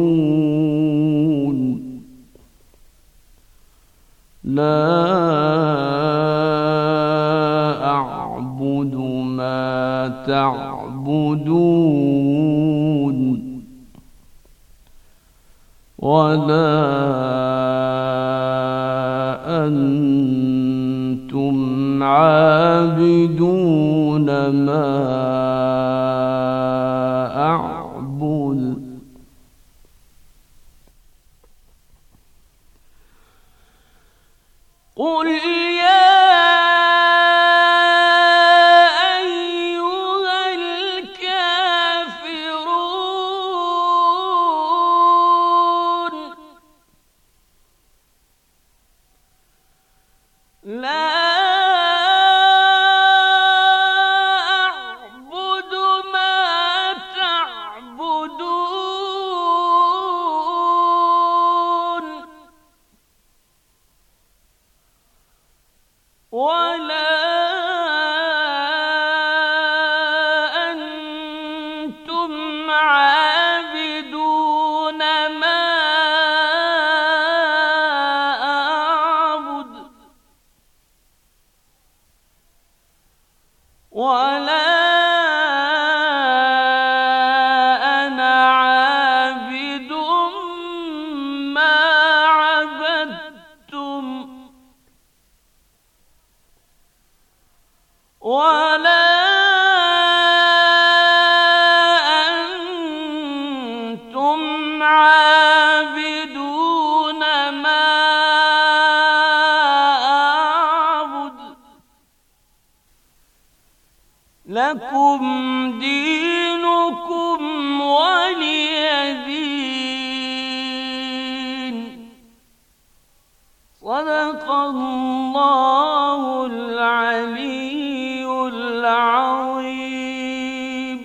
يعلمون لا أعبد ما تعبدون ولا أنتم عابدون ما أعبد قل lakum dinukum waliyadin. Sadaqallahul aliyyul azim.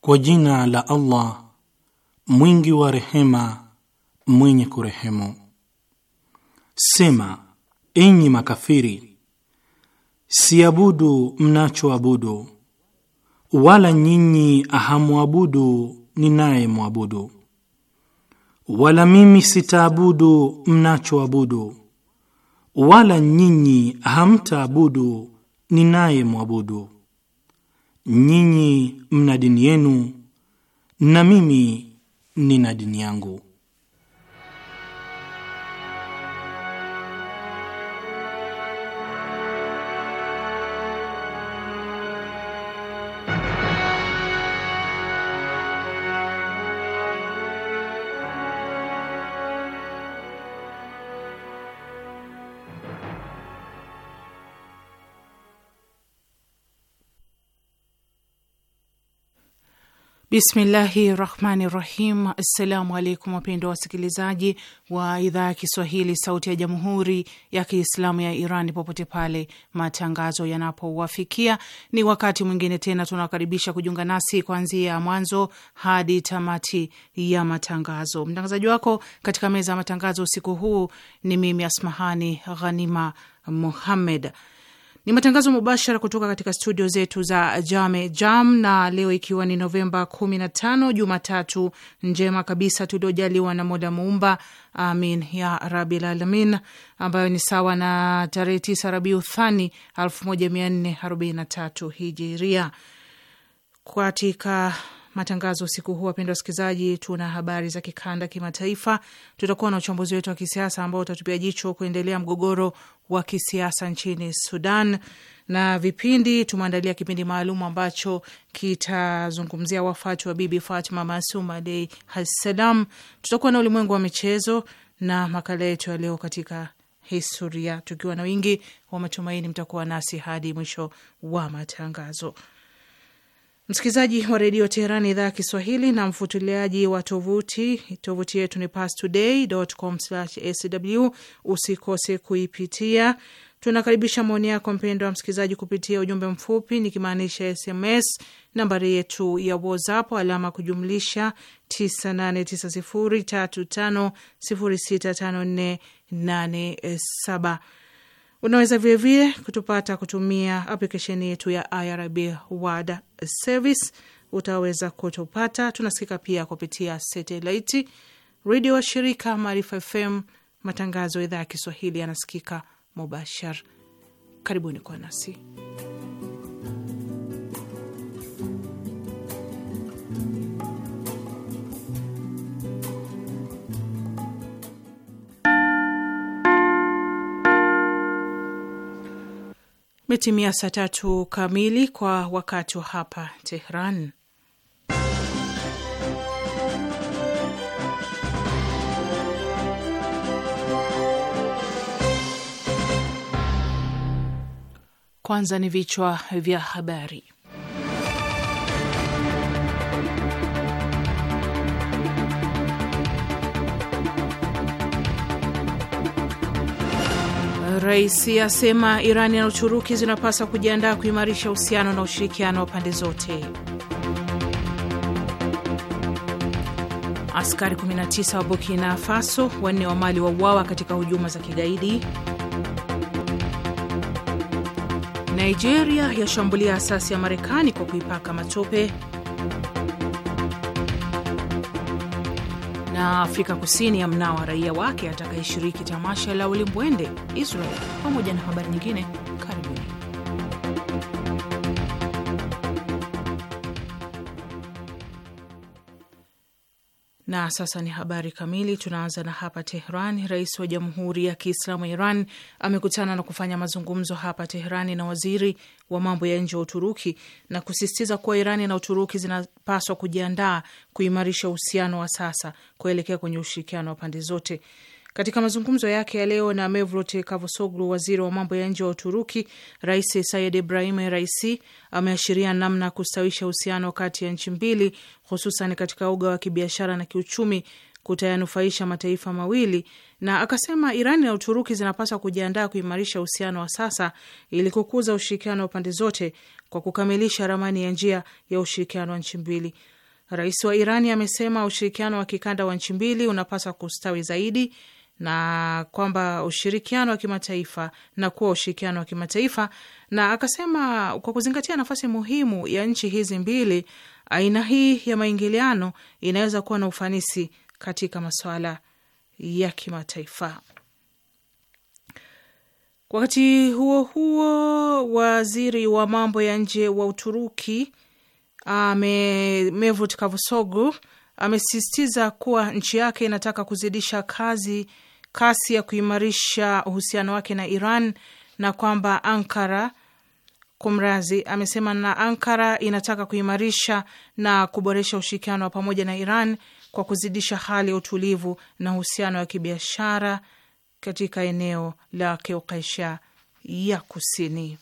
Kwa jina la Allah mwingi wa rehema mwenye kurehemu. Sema, enyi makafiri Siabudu mnachoabudu, wala nyinyi hamwabudu mwabudu wala mimi sitaabudu mnachoabudu, wala nyinyi hamtaabudu mwabudu Nyinyi mna dini yenu na mimi nina dini yangu. Bismillahi rahmani rahim. Assalamu alaikum wapendwa wasikilizaji wa idhaa ya Kiswahili sauti ya jamhuri ya Kiislamu ya Iran, popote pale matangazo yanapowafikia, ni wakati mwingine tena tunawakaribisha kujiunga nasi kuanzia mwanzo hadi tamati ya matangazo. Mtangazaji wako katika meza ya matangazo usiku huu ni mimi Asmahani Ghanima Muhammed. Ni matangazo mubashara kutoka katika studio zetu za Jame Jam, na leo ikiwa ni Novemba 15 Jumatatu njema kabisa tuliojaliwa na Mola Muumba, amin ya rabil alamin, ambayo ni sawa na tarehe 9 Rabiu Thani 1443 Hijiria katika matangazo usiku huu. Wapendwa wasikilizaji, tuna habari za kikanda, kimataifa, tutakuwa na uchambuzi wetu wa kisiasa ambao utatupia jicho kuendelea mgogoro wa kisiasa nchini Sudan, na vipindi tumeandalia kipindi maalum ambacho kitazungumzia wafati wa Bibi Fatma Masum alaihi hassalam. Tutakuwa na ulimwengu wa michezo na makala yetu ya leo katika historia, tukiwa na wingi wa matumaini mtakuwa nasi hadi mwisho wa matangazo msikilizaji wa redio Teherani idhaa ya Kiswahili na mfutuliaji wa tovuti tovuti yetu ni pastoday.com/sw. Usikose kuipitia. Tunakaribisha maoni yako mpendo wa msikilizaji kupitia ujumbe mfupi nikimaanisha SMS. Nambari yetu ya WhatsApp alama kujumlisha 989035065487 Unaweza vilevile kutupata kutumia aplikesheni yetu ya IRIB World Service, utaweza kutupata. Tunasikika pia kupitia satelaiti, redio wa shirika Maarifa FM. Matangazo ya idhaa ya Kiswahili yanasikika mubashar. Karibuni kwa nasi Imetimia saa tatu kamili kwa wakati wa hapa Tehran. Kwanza ni vichwa vya habari. Rais asema Irani na Uturuki zinapaswa kujiandaa kuimarisha uhusiano na ushirikiano wa pande zote. Askari 19 wa Burkina Faso, wanne wa Mali wauawa katika hujuma za kigaidi. Nigeria yashambulia asasi ya Marekani kwa kuipaka matope. Na Afrika Kusini ya mnawa raia wake atakayeshiriki tamasha la ulimbwende Israel, pamoja na habari nyingine. Na sasa ni habari kamili. Tunaanza na hapa Tehran. Rais wa Jamhuri ya Kiislamu ya Iran amekutana na kufanya mazungumzo hapa tehrani na waziri wa mambo ya nje wa Uturuki na kusisitiza kuwa Irani na Uturuki zinapaswa kujiandaa kuimarisha uhusiano wa sasa kuelekea kwenye ushirikiano wa pande zote. Katika mazungumzo yake ya leo na Mevlut Cavusoglu, waziri wa mambo ya nje wa Uturuki, Rais Sayed Ibrahim Raisi ameashiria namna kustawisha uhusiano kati ya nchi mbili, hususan katika uga wa kibiashara na kiuchumi kutayanufaisha mataifa mawili na akasema Irani na Uturuki zinapaswa kujiandaa kuimarisha uhusiano wa sasa ili kukuza ushirikiano wa pande zote kwa kukamilisha ramani ya njia ya ushirikiano wa nchi mbili. Rais wa Irani amesema ushirikiano wa kikanda wa nchi mbili unapaswa kustawi zaidi na kwamba ushirikiano wa kimataifa na kuwa ushirikiano wa kimataifa, na akasema kwa kuzingatia nafasi muhimu ya nchi hizi mbili, aina hii ya maingiliano inaweza kuwa na ufanisi katika masuala ya kimataifa. Wakati huo huo, waziri wa mambo ya nje wa Uturuki ame, Mevlut Cavusoglu amesisitiza kuwa nchi yake inataka kuzidisha kazi kasi ya kuimarisha uhusiano wake na Iran na kwamba Ankara kumrazi, amesema na Ankara inataka kuimarisha na kuboresha ushirikiano wa pamoja na Iran kwa kuzidisha hali ya utulivu na uhusiano wa kibiashara katika eneo la keukesha ya Kusini.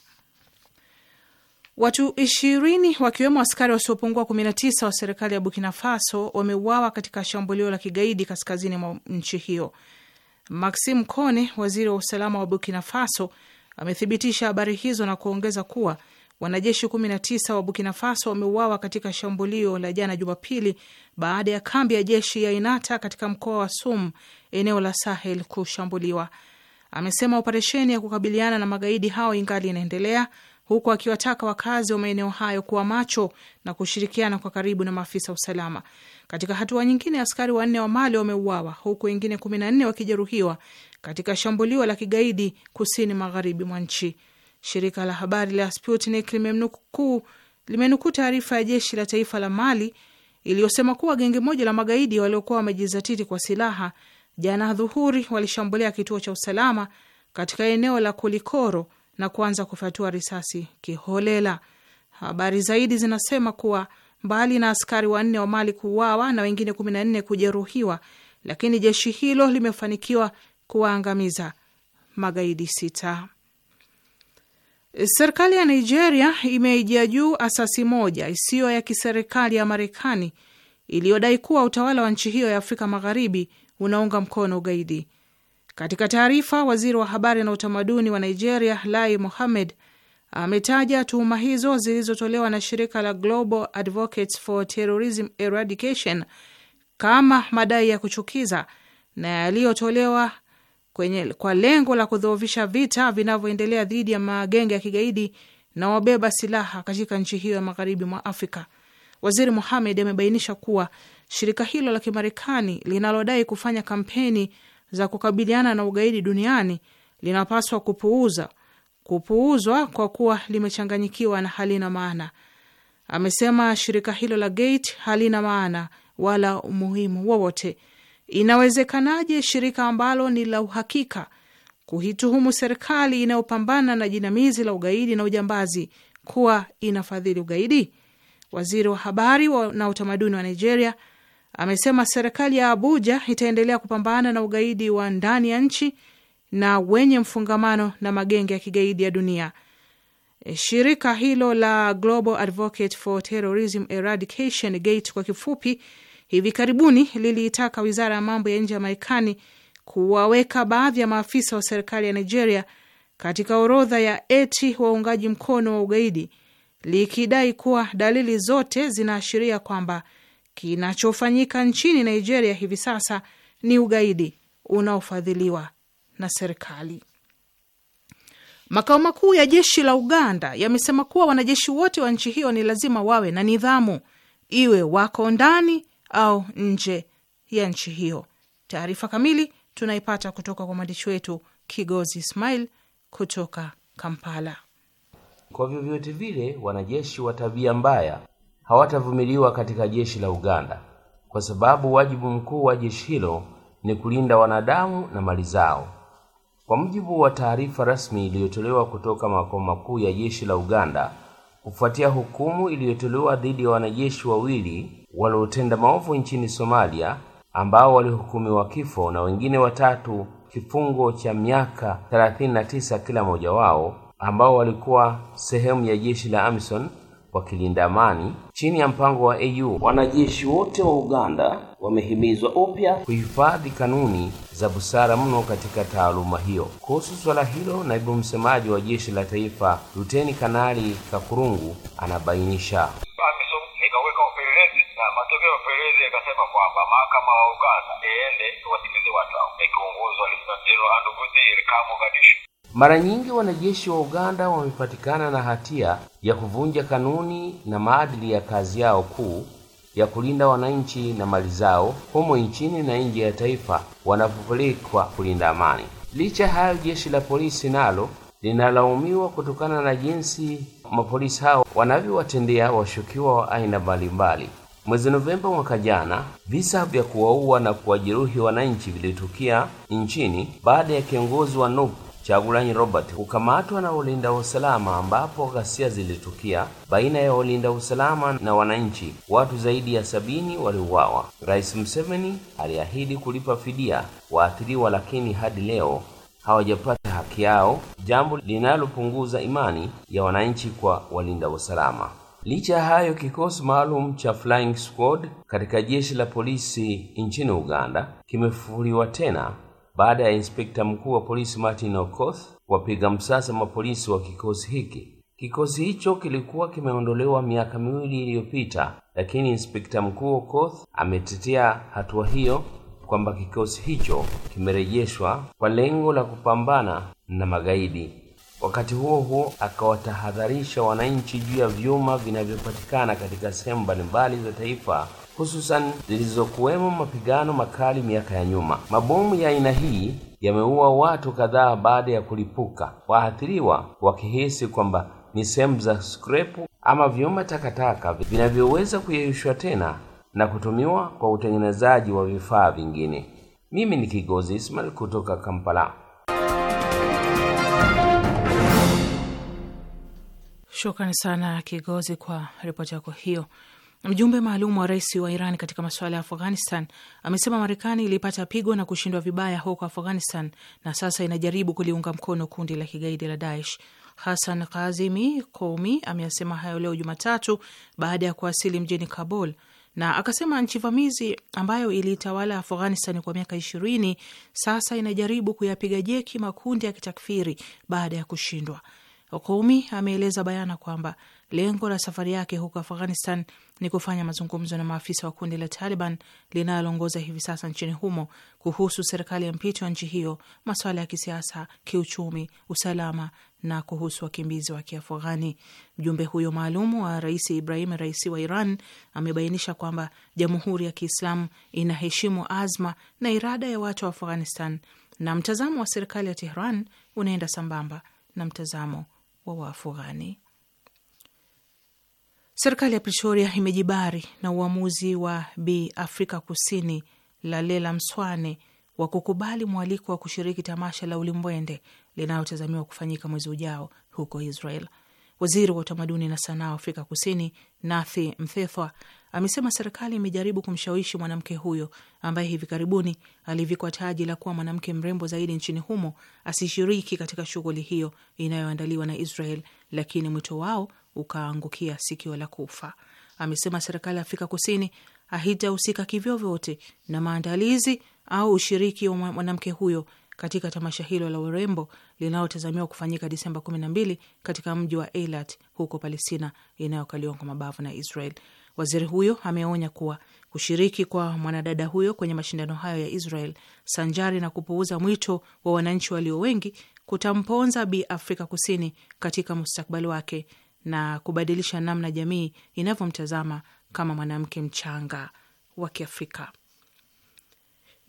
Watu ishirini wakiwemo askari wasiopungua tisa wa serikali ya Burkina Faso wameuawa katika shambulio la kigaidi kaskazini mwa nchi hiyo. Maxim Kone, waziri wa usalama wa Burkina Faso, amethibitisha habari hizo na kuongeza kuwa wanajeshi 19 wa Burkina Faso wameuawa katika shambulio la jana Jumapili baada ya kambi ya jeshi ya Inata katika mkoa wa Sum, eneo la Sahel, kushambuliwa. Amesema operesheni ya kukabiliana na magaidi hao ingali inaendelea huku akiwataka wakazi wa maeneo hayo kuwa macho na kushirikiana kwa karibu na maafisa wa usalama. Katika hatua nyingine, askari wanne wa Mali wameuawa huku wengine 14 wakijeruhiwa katika shambulio la kigaidi kusini magharibi mwa nchi. Shirika la habari la Sputnik limenukuu limenukuu taarifa ya jeshi la taifa la Mali iliyosema kuwa genge moja la magaidi waliokuwa wamejizatiti kwa silaha jana dhuhuri walishambulia kituo cha usalama katika eneo la Kulikoro na kuanza kufatua risasi kiholela. Habari zaidi zinasema kuwa mbali na askari wanne wa Mali kuuawa na wengine nne kujeruhiwa, lakini jeshi hilo limefanikiwa kuwaangamiza magaidi sita. Serikali ya Nigeria imeijia juu asasi moja isiyo ya kiserikali ya Marekani iliyodai kuwa utawala wa nchi hiyo ya Afrika Magharibi unaunga mkono ugaidi. Katika taarifa, waziri wa habari na utamaduni wa Nigeria Lai Mohammed ametaja tuhuma hizo zilizotolewa na shirika la Global Advocates for Terrorism Eradication kama madai ya kuchukiza na yaliyotolewa kwenye kwa lengo la kudhoofisha vita vinavyoendelea dhidi ya magenge ya kigaidi na wabeba silaha katika nchi hiyo ya magharibi mwa Afrika. Waziri Mohamed amebainisha kuwa shirika hilo la Kimarekani linalodai kufanya kampeni za kukabiliana na ugaidi duniani linapaswa kupuuza kupuuzwa kwa kuwa limechanganyikiwa na halina maana. Amesema shirika hilo la Gate halina maana wala umuhimu wowote. Inawezekanaje shirika ambalo ni la uhakika kuhituhumu serikali inayopambana na jinamizi la ugaidi na ujambazi kuwa inafadhili ugaidi? Waziri wa habari na utamaduni wa Nigeria amesema serikali ya Abuja itaendelea kupambana na ugaidi wa ndani ya nchi na wenye mfungamano na magenge ya kigaidi ya dunia. E, shirika hilo la Global Advocate for Terrorism Eradication, GATE kwa kifupi, hivi karibuni liliitaka wizara ya mambo ya nje ya Marekani kuwaweka baadhi ya maafisa wa serikali ya Nigeria katika orodha ya eti waungaji mkono wa ugaidi, likidai kuwa dalili zote zinaashiria kwamba kinachofanyika nchini Nigeria hivi sasa ni ugaidi unaofadhiliwa na serikali. Makao makuu ya jeshi la Uganda yamesema kuwa wanajeshi wote wa nchi hiyo ni lazima wawe na nidhamu, iwe wako ndani au nje ya nchi hiyo. Taarifa kamili tunaipata kutoka kwa mwandishi wetu Kigozi Ismail kutoka Kampala. Kwa vyovyote vile, wanajeshi wa tabia mbaya hawatavumiliwa katika jeshi la Uganda kwa sababu wajibu mkuu wa jeshi hilo ni kulinda wanadamu na mali zao. Kwa mujibu wa taarifa rasmi iliyotolewa kutoka makao makuu ya jeshi la Uganda kufuatia hukumu iliyotolewa dhidi ya wanajeshi wawili waliotenda maovu nchini Somalia ambao walihukumiwa kifo na wengine watatu kifungo cha miaka 39 kila mmoja wao ambao walikuwa sehemu ya jeshi la AMISON wakilinda amani chini ya mpango wa AU. Wanajeshi wote wa Uganda wamehimizwa upya kuhifadhi kanuni za busara mno katika taaluma hiyo. Kuhusu swala hilo, naibu msemaji wa jeshi la taifa Luteni Kanali Kakurungu anabainisha matokeo ya upelelezi yakasema kwamba mahakama wa Uganda iende iwasikilize watu hao ikiongozwa na Jenerali Anduguzir Kamogadishu. Mara nyingi wanajeshi wa Uganda wamepatikana na hatia ya kuvunja kanuni na maadili ya kazi yao kuu ya kulinda wananchi na mali zao humo nchini na nje ya taifa wanapopelekwa kulinda amani. Licha hayo, jeshi la polisi nalo linalaumiwa kutokana na jinsi mapolisi hao wanavyowatendea washukiwa wa aina mbalimbali. Mwezi Novemba mwaka jana, visa vya kuwaua na kuwajeruhi wananchi vilitukia nchini baada ya kiongozi wa NUP Chagulanyi Robert kukamatwa na ulinda usalama ambapo ghasia zilitukia baina ya ulinda usalama na wananchi. Watu zaidi ya sabini waliuawa. Rais Museveni aliahidi kulipa fidia waathiriwa, lakini hadi leo hawajapata haki yao, jambo linalopunguza imani ya wananchi kwa walinda usalama. Licha ya hayo, kikosi maalum cha Flying Squad katika jeshi la polisi nchini Uganda kimefufuliwa tena baada ya inspekta mkuu wa polisi Martin Okoth wapiga msasa mapolisi wa kikosi hiki. Kikosi hicho kilikuwa kimeondolewa miaka miwili iliyopita, lakini inspekta mkuu Okoth ametetea hatua hiyo kwamba kikosi hicho kimerejeshwa kwa lengo la kupambana na magaidi. Wakati huo huo akawatahadharisha wananchi juu ya vyuma vinavyopatikana katika sehemu mbalimbali za taifa hususan zilizokuwemo mapigano makali miaka ya nyuma. Mabomu ya aina hii yameua watu kadhaa baada ya kulipuka, waathiriwa wakihisi kwamba ni sehemu za skrepu ama vyuma takataka vinavyoweza kuyeyushwa tena na kutumiwa kwa utengenezaji wa vifaa vingine. Mimi ni Kigozi Ismail kutoka Kampala. Shukrani sana Kigozi kwa ripoti yako hiyo. Mjumbe maalum wa rais wa Iran katika masuala ya Afghanistan amesema Marekani ilipata pigo na kushindwa vibaya huko Afghanistan na sasa inajaribu kuliunga mkono kundi la kigaidi la Daesh. Hassan Kazimi Komi ameyasema hayo leo Jumatatu baada ya kuwasili mjini Kabul na akasema nchi vamizi ambayo ilitawala Afghanistan kwa miaka ishirini sasa inajaribu kuyapiga jeki makundi ya kitakfiri baada ya kushindwa. Komi ameeleza bayana kwamba Lengo la safari yake huko Afghanistan ni kufanya mazungumzo na maafisa wa kundi la Taliban linaloongoza hivi sasa nchini humo kuhusu serikali ya mpito ya nchi hiyo, masuala ya kisiasa, kiuchumi, usalama na kuhusu wakimbizi wa Kiafghani. Mjumbe huyo maalumu wa Rais Ibrahim Raisi wa Iran amebainisha kwamba Jamhuri ya Kiislamu inaheshimu azma na irada ya watu wa Afghanistan na mtazamo wa serikali ya Tehran unaenda sambamba na mtazamo wa Waafghani. Serikali ya Pretoria imejibari na uamuzi wa Bi Afrika Kusini Lalela Mswane wa kukubali mwaliko wa kushiriki tamasha la ulimbwende linalotazamiwa kufanyika mwezi ujao huko Israel. Waziri wa utamaduni na sanaa wa Afrika Kusini Nathi Mthethwa amesema serikali imejaribu kumshawishi mwanamke huyo ambaye hivi karibuni alivikwa taji la kuwa mwanamke mrembo zaidi nchini humo asishiriki katika shughuli hiyo inayoandaliwa na Israel, lakini mwito wao ukaangukia sikio la kufa. Amesema serikali ya Afrika Kusini haitahusika kivyovyote na maandalizi au ushiriki wa mwanamke huyo katika tamasha hilo la urembo linalotazamiwa kufanyika Disemba 12 katika mji wa Eilat huko Palestina inayokaliwa kwa mabavu na Israel. Waziri huyo ameonya kuwa kushiriki kwa mwanadada huyo kwenye mashindano hayo ya Israel sanjari na kupuuza mwito wa wananchi walio wengi kutamponza Bi Afrika Kusini katika mustakbali wake na kubadilisha namna jamii inavyomtazama kama mwanamke mchanga wa Kiafrika.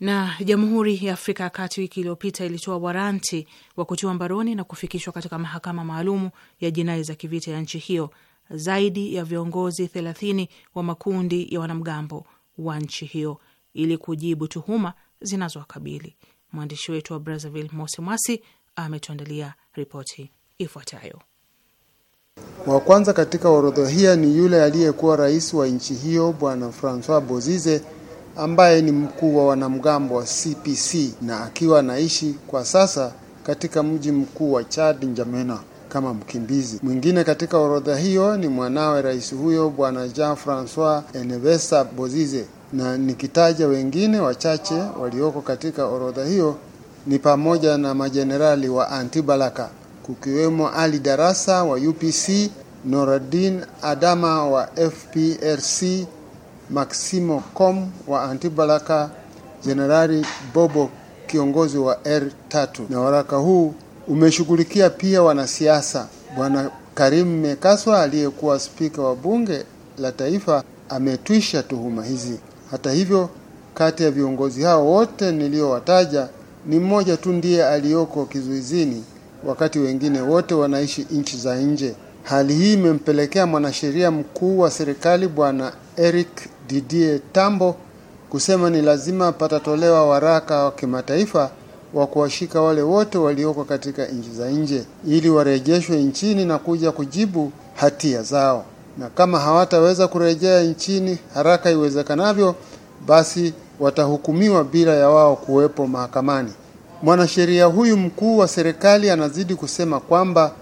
Na Jamhuri ya Afrika ya Kati wiki iliyopita ilitoa waranti wa kutiwa mbaroni na kufikishwa katika mahakama maalumu ya jinai za kivita ya nchi hiyo zaidi ya viongozi thelathini wa makundi ya wanamgambo wa nchi hiyo ili kujibu tuhuma zinazowakabili. Mwandishi wetu wa Brazzaville, Mosi Mwasi, ametuandalia ripoti ifuatayo. Wa kwanza katika orodha hiyo ni yule aliyekuwa rais wa nchi hiyo Bwana Francois Bozize ambaye ni mkuu wa wanamgambo wa CPC na akiwa anaishi kwa sasa katika mji mkuu wa Chad Njamena kama mkimbizi. Mwingine katika orodha hiyo ni mwanawe rais huyo Bwana Jean Francois Enevesa Bozize, na nikitaja wengine wachache walioko katika orodha hiyo ni pamoja na majenerali wa Antibalaka kukiwemo Ali Darasa wa UPC, Noradin Adama wa FPRC, Maximo Com wa Antibalaka, Jenerali Bobo kiongozi wa R3. Na waraka huu umeshughulikia pia wanasiasa. Bwana Karim Mekaswa aliyekuwa spika wa bunge la taifa ametwisha tuhuma hizi. Hata hivyo, kati ya viongozi hao wote niliyowataja ni mmoja tu ndiye aliyoko kizuizini wakati wengine wote wanaishi nchi za nje. Hali hii imempelekea mwanasheria mkuu wa serikali Bwana Eric Didie Tambo kusema ni lazima patatolewa waraka wa kimataifa wa kuwashika wale wote walioko katika nchi za nje ili warejeshwe nchini na kuja kujibu hatia zao, na kama hawataweza kurejea nchini haraka iwezekanavyo, basi watahukumiwa bila ya wao kuwepo mahakamani. Mwanasheria huyu mkuu wa serikali anazidi kusema kwamba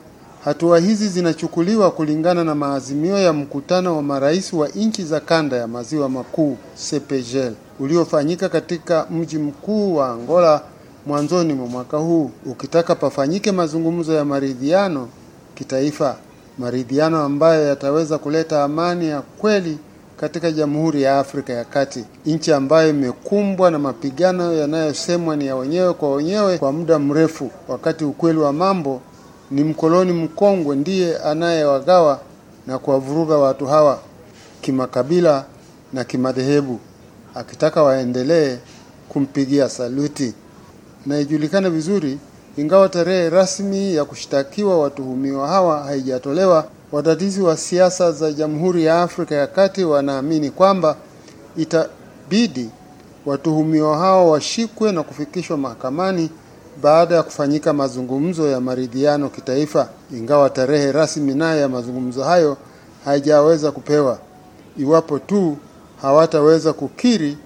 hatua hizi zinachukuliwa kulingana na maazimio ya mkutano wa marais wa nchi za kanda ya maziwa makuu CEPGL uliofanyika katika mji mkuu wa Angola mwanzoni mwa mwaka huu ukitaka pafanyike mazungumzo ya maridhiano kitaifa, maridhiano ambayo yataweza kuleta amani ya kweli katika Jamhuri ya Afrika ya Kati, nchi ambayo imekumbwa na mapigano yanayosemwa ni ya wenyewe kwa wenyewe kwa muda mrefu, wakati ukweli wa mambo ni mkoloni mkongwe ndiye anayewagawa na kuwavuruga watu hawa kimakabila na kimadhehebu, akitaka waendelee kumpigia saluti. Na ijulikane vizuri, ingawa tarehe rasmi ya kushtakiwa watuhumiwa hawa haijatolewa, Wadadisi wa siasa za Jamhuri ya Afrika ya Kati wanaamini kwamba itabidi watuhumiwa hao washikwe na kufikishwa mahakamani baada ya kufanyika mazungumzo ya maridhiano kitaifa, ingawa tarehe rasmi nayo ya mazungumzo hayo haijaweza kupewa, iwapo tu hawataweza kukiri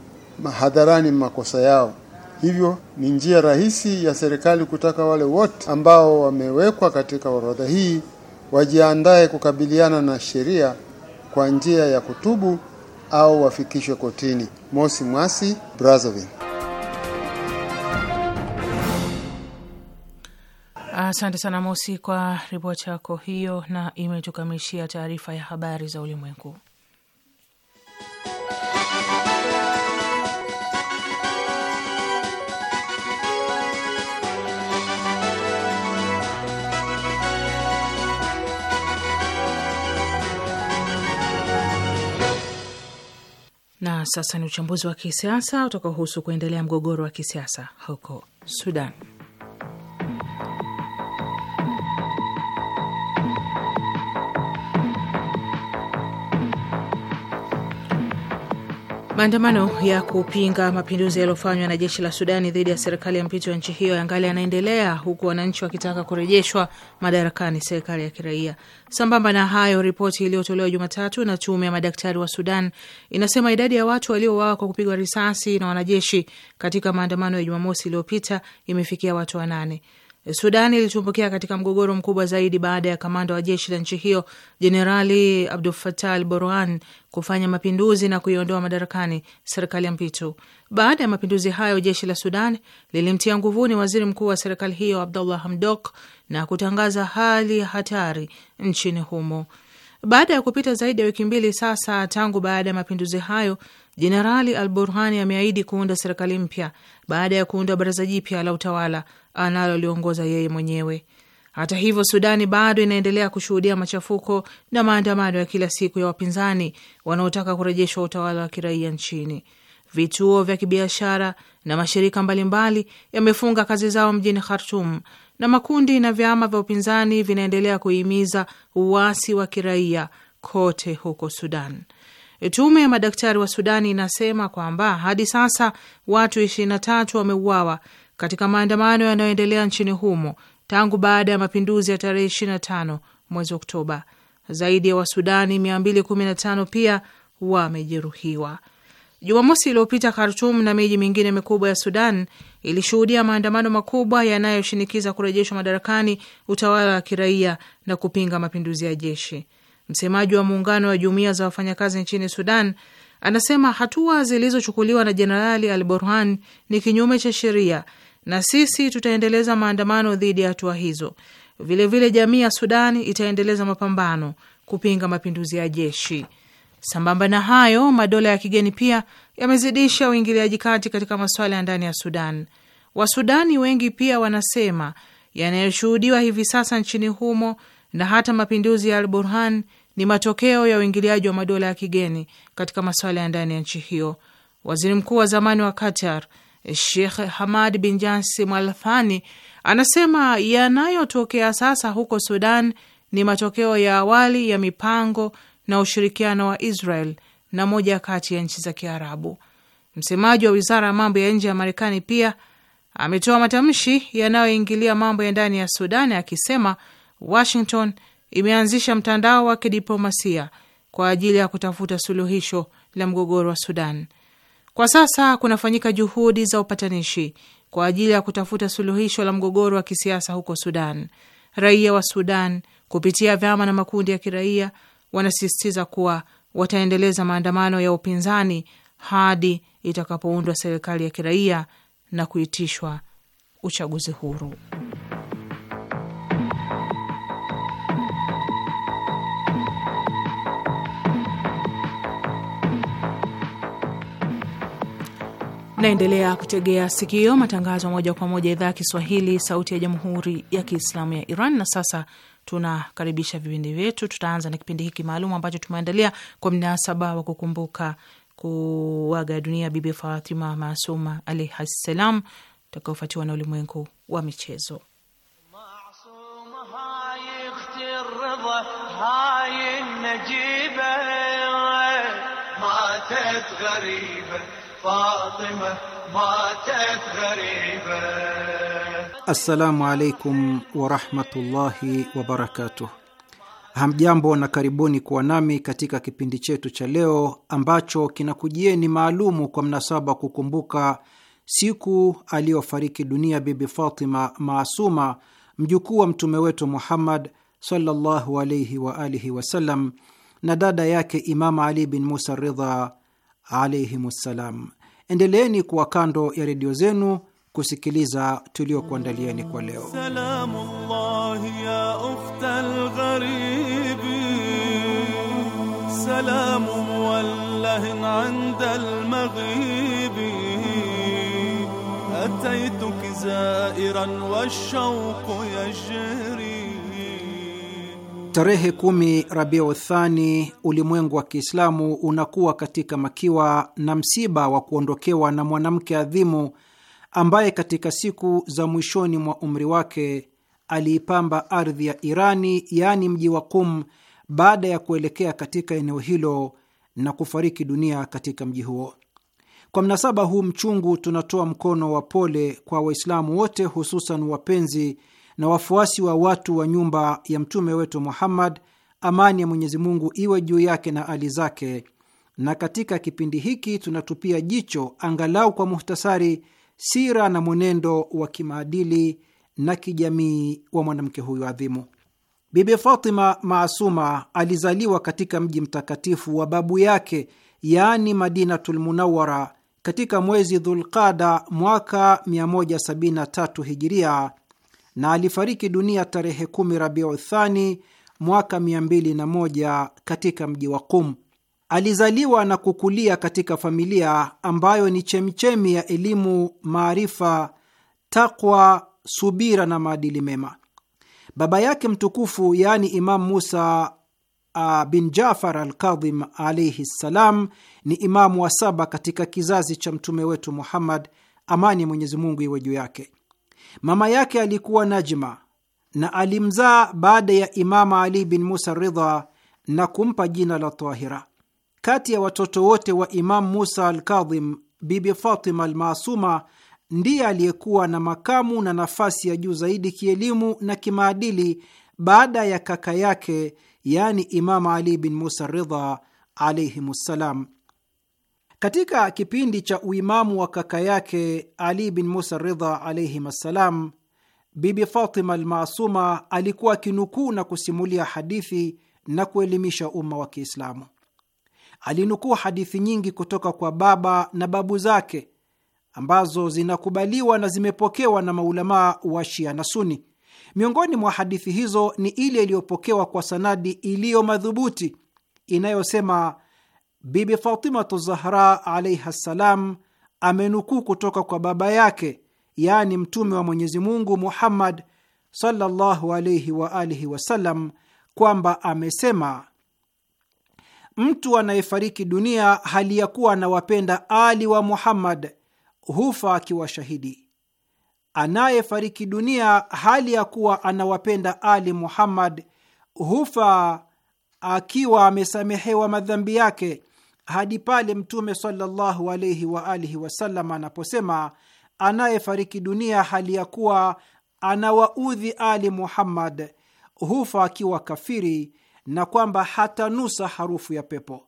hadharani makosa yao. Hivyo ni njia rahisi ya serikali kutaka wale wote ambao wamewekwa katika orodha hii wajiandae kukabiliana na sheria kwa njia ya kutubu au wafikishwe kotini. Mosi Mwasi, Brazzaville. Asante sana Mosi kwa ripoti yako hiyo, na imetukamilishia taarifa ya habari za ulimwengu. Na sasa ni uchambuzi wa kisiasa utakaohusu kuendelea mgogoro wa kisiasa huko Sudan. Maandamano ya kupinga mapinduzi yaliyofanywa na jeshi la Sudani dhidi ya serikali ya mpito ya nchi hiyo yangali yanaendelea, huku wananchi wakitaka kurejeshwa madarakani serikali ya kiraia. Sambamba na hayo, ripoti iliyotolewa Jumatatu na tume ya madaktari wa Sudan inasema idadi ya watu waliouawa kwa kupigwa risasi na wanajeshi katika maandamano ya Jumamosi iliyopita imefikia watu wanane. Eh, Sudan ilitumbukia katika mgogoro mkubwa zaidi baada ya kamanda wa jeshi la nchi hiyo Jenerali Abdul Fatah al Burhan kufanya mapinduzi na kuiondoa madarakani serikali ya mpito. Baada ya mapinduzi hayo, jeshi la Sudan lilimtia nguvuni waziri mkuu wa serikali hiyo Abdullah Hamdok na kutangaza hali ya hatari nchini humo. Baada ya kupita zaidi ya wiki mbili sasa tangu baada ya mapinduzi hayo, Jenerali al Burhani ameahidi kuunda serikali mpya baada ya kuunda baraza jipya la utawala analoliongoza yeye mwenyewe. Hata hivyo, Sudani bado inaendelea kushuhudia machafuko na maandamano ya kila siku ya wapinzani wanaotaka kurejeshwa utawala wa kiraia nchini. Vituo vya kibiashara na mashirika mbalimbali yamefunga kazi zao mjini Khartum na makundi na vyama vya upinzani vinaendelea kuhimiza uasi wa kiraia kote huko Sudan. Tume ya madaktari wa Sudani inasema kwamba hadi sasa watu 23 wameuawa katika maandamano yanayoendelea nchini humo tangu baada ya mapinduzi ya tarehe 25 mwezi Oktoba. Zaidi ya Wasudani 215 pia wamejeruhiwa. Jumamosi iliyopita Khartum na miji mingine mikubwa ya Sudan ilishuhudia maandamano makubwa yanayoshinikiza kurejeshwa madarakani utawala wa kiraia na kupinga mapinduzi ya jeshi. Msemaji wa muungano wa jumuiya za wafanyakazi nchini Sudan anasema hatua zilizochukuliwa na Jenerali Al Burhan ni kinyume cha sheria na sisi tutaendeleza maandamano dhidi ya hatua hizo. Vilevile vile jamii ya Sudani itaendeleza mapambano kupinga mapinduzi ya jeshi. Sambamba na hayo, madola ya kigeni pia yamezidisha uingiliaji kati katika masuala ya ndani ya Sudan. Wasudani wengi pia wanasema yanayoshuhudiwa hivi sasa nchini humo na hata mapinduzi ya Al Burhan ni matokeo ya uingiliaji wa madola ya kigeni katika masuala ya ndani ya nchi hiyo. Waziri mkuu wa zamani wa Qatar Sheikh Hamad bin jasi Mwalfani anasema yanayotokea sasa huko Sudan ni matokeo ya awali ya mipango na ushirikiano wa Israel na moja kati ya nchi za Kiarabu. Msemaji wa wizara ya mambo ya nje ya Marekani pia ametoa matamshi yanayoingilia mambo ya ndani ya Sudan akisema Washington imeanzisha mtandao wa kidiplomasia kwa ajili ya kutafuta suluhisho la mgogoro wa Sudan. Kwa sasa kunafanyika juhudi za upatanishi kwa ajili ya kutafuta suluhisho la mgogoro wa kisiasa huko Sudan. Raia wa Sudan kupitia vyama na makundi ya kiraia wanasisitiza kuwa wataendeleza maandamano ya upinzani hadi itakapoundwa serikali ya kiraia na kuitishwa uchaguzi huru. Naendelea kutegea sikio matangazo ya moja kwa moja idhaa ya Kiswahili, sauti ya jamhuri ya kiislamu ya Iran. Na sasa tunakaribisha vipindi vyetu. Tutaanza na kipindi hiki maalum ambacho tumeandalia kwa mnasaba wa kukumbuka kuaga dunia Bibi Fatima Masuma alaihi salam, utakaofuatiwa na ulimwengu wa michezo. Assalamu alaikum warahmatullahi wabarakatuh. Hamjambo na karibuni kuwa nami katika kipindi chetu cha leo ambacho kinakujieni maalumu kwa mnasaba kukumbuka siku aliyofariki dunia Bibi Fatima Maasuma, mjukuu wa mtume wetu Muhammad sallallahu alaihi wasallam na dada yake Imam Ali bin Musa Ridha alaihimussalam. Endeleeni kuwa kando ya redio zenu kusikiliza tuliokuandalieni kwa leo. Salamullahi ya ukhtal gharibi, yajri Tarehe kumi Rabiu Thani, ulimwengu wa Kiislamu unakuwa katika makiwa na msiba wa kuondokewa na mwanamke adhimu ambaye katika siku za mwishoni mwa umri wake aliipamba ardhi ya Irani, yaani mji wa Kum, baada ya kuelekea katika eneo hilo na kufariki dunia katika mji huo. Kwa mnasaba huu mchungu, tunatoa mkono wa pole kwa Waislamu wote, hususan wapenzi na wafuasi wa watu wa nyumba ya mtume wetu Muhammad, amani ya Mwenyezi Mungu iwe juu yake na ali zake. Na katika kipindi hiki tunatupia jicho angalau kwa muhtasari sira na mwenendo wa kimaadili na kijamii wa mwanamke huyu adhimu. Bibi Fatima Maasuma alizaliwa katika mji mtakatifu wa babu yake, yaani Madinatul Munawara, katika mwezi Dhulqada mwaka 173 hijiria na alifariki dunia tarehe kumi Rabiu Thani mwaka 201 katika mji wa Qum. Alizaliwa na kukulia katika familia ambayo ni chemchemi ya elimu, maarifa, takwa, subira na maadili mema. Baba yake mtukufu yaani Imamu Musa bin Jafar al Kadhim alaihi ssalam ni imamu wa saba katika kizazi cha mtume wetu Muhammad, amani ya Mwenyezi Mungu iwe juu yake. Mama yake alikuwa Najma na alimzaa baada ya Imama Ali bin Musa Ridha na kumpa jina la Tahira. Kati ya watoto wote wa Imamu Musa Alkadhim, Bibi Fatima Almasuma ndiye aliyekuwa na makamu na nafasi ya juu zaidi kielimu na kimaadili baada ya kaka yake, yaani Imam Ali bin Musa Ridha alaihim ssalam. Katika kipindi cha uimamu wa kaka yake Ali bin Musa Ridha alaihim assalam, Bibi Fatima Almasuma alikuwa akinukuu na kusimulia hadithi na kuelimisha umma wa Kiislamu. Alinukuu hadithi nyingi kutoka kwa baba na babu zake ambazo zinakubaliwa na zimepokewa na maulamaa wa Shia na Suni. Miongoni mwa hadithi hizo ni ile iliyopokewa kwa sanadi iliyo madhubuti inayosema Bibi Fatimatu Zahra alaiha ssalam amenukuu kutoka kwa baba yake, yaani Mtume wa Mwenyezi Mungu Muhammad sallallahu alaihi wa alihi wasallam kwamba amesema, mtu anayefariki dunia hali ya kuwa anawapenda Ali wa Muhammad hufa akiwa shahidi. Anayefariki dunia hali ya kuwa anawapenda Ali Muhammad hufa akiwa amesamehewa madhambi yake hadi pale Mtume sallallahu alaihi alihi wasallam anaposema, anayefariki dunia hali ya kuwa anawaudhi Ali Muhammad hufa akiwa kafiri na kwamba hatanusa harufu ya pepo.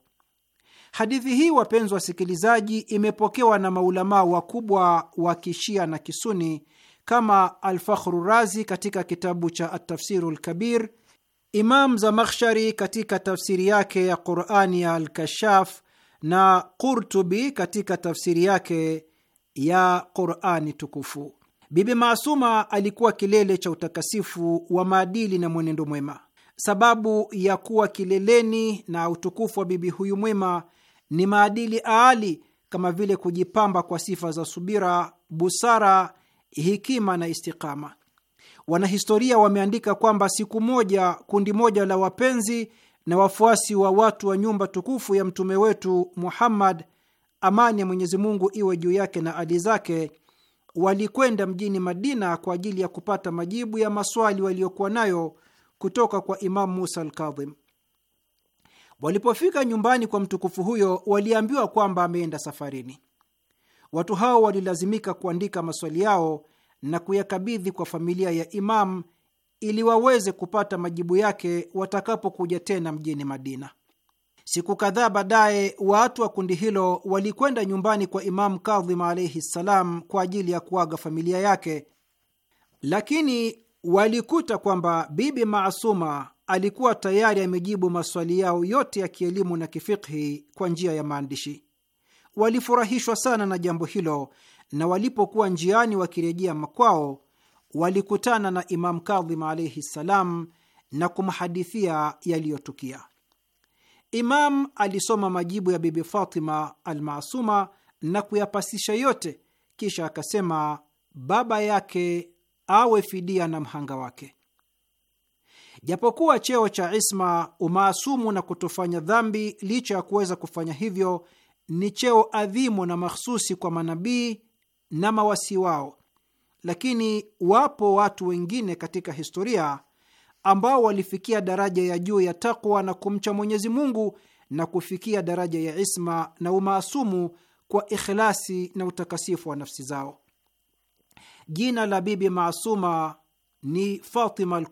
Hadithi hii, wapenzi wasikilizaji, imepokewa na maulamaa wakubwa wa kishia na kisuni kama Alfakhru Razi katika kitabu cha Atafsiru Lkabir, Imam Zamakhshari katika tafsiri yake ya Qurani ya Alkashaf na Qurtubi katika tafsiri yake ya Qurani Tukufu. Bibi Maasuma alikuwa kilele cha utakasifu wa maadili na mwenendo mwema. Sababu ya kuwa kileleni na utukufu wa bibi huyu mwema ni maadili aali kama vile kujipamba kwa sifa za subira, busara, hikima na istikama. Wanahistoria wameandika kwamba siku moja kundi moja la wapenzi na wafuasi wa watu wa nyumba tukufu ya mtume wetu Muhammad, amani ya Mwenyezi Mungu iwe juu yake na ali zake, walikwenda mjini Madina kwa ajili ya kupata majibu ya maswali waliyokuwa nayo kutoka kwa Imamu Musa Alkadhim. Walipofika nyumbani kwa mtukufu huyo, waliambiwa kwamba ameenda safarini. Watu hao walilazimika kuandika maswali yao na kuyakabidhi kwa familia ya Imamu ili waweze kupata majibu yake watakapokuja tena mjini Madina. Siku kadhaa baadaye, watu wa kundi hilo walikwenda nyumbani kwa Imamu Kadhim alaihi ssalam kwa ajili ya kuaga familia yake, lakini walikuta kwamba Bibi Maasuma alikuwa tayari amejibu maswali yao yote ya kielimu na kifikhi kwa njia ya maandishi. Walifurahishwa sana na jambo hilo, na walipokuwa njiani wakirejea makwao walikutana na Imam Kadhim alaihi ssalam na kumhadithia yaliyotukia. Imam alisoma majibu ya Bibi Fatima Almasuma na kuyapasisha yote, kisha akasema, baba yake awe fidia na mhanga wake. Japokuwa cheo cha isma, umaasumu na kutofanya dhambi, licha ya kuweza kufanya hivyo, ni cheo adhimu na makhususi kwa manabii na mawasi wao lakini wapo watu wengine katika historia ambao walifikia daraja ya juu ya takwa na kumcha Mwenyezi Mungu na kufikia daraja ya isma na umaasumu kwa ikhlasi na utakasifu wa nafsi zao. Jina la Bibi Maasuma ni Fatima al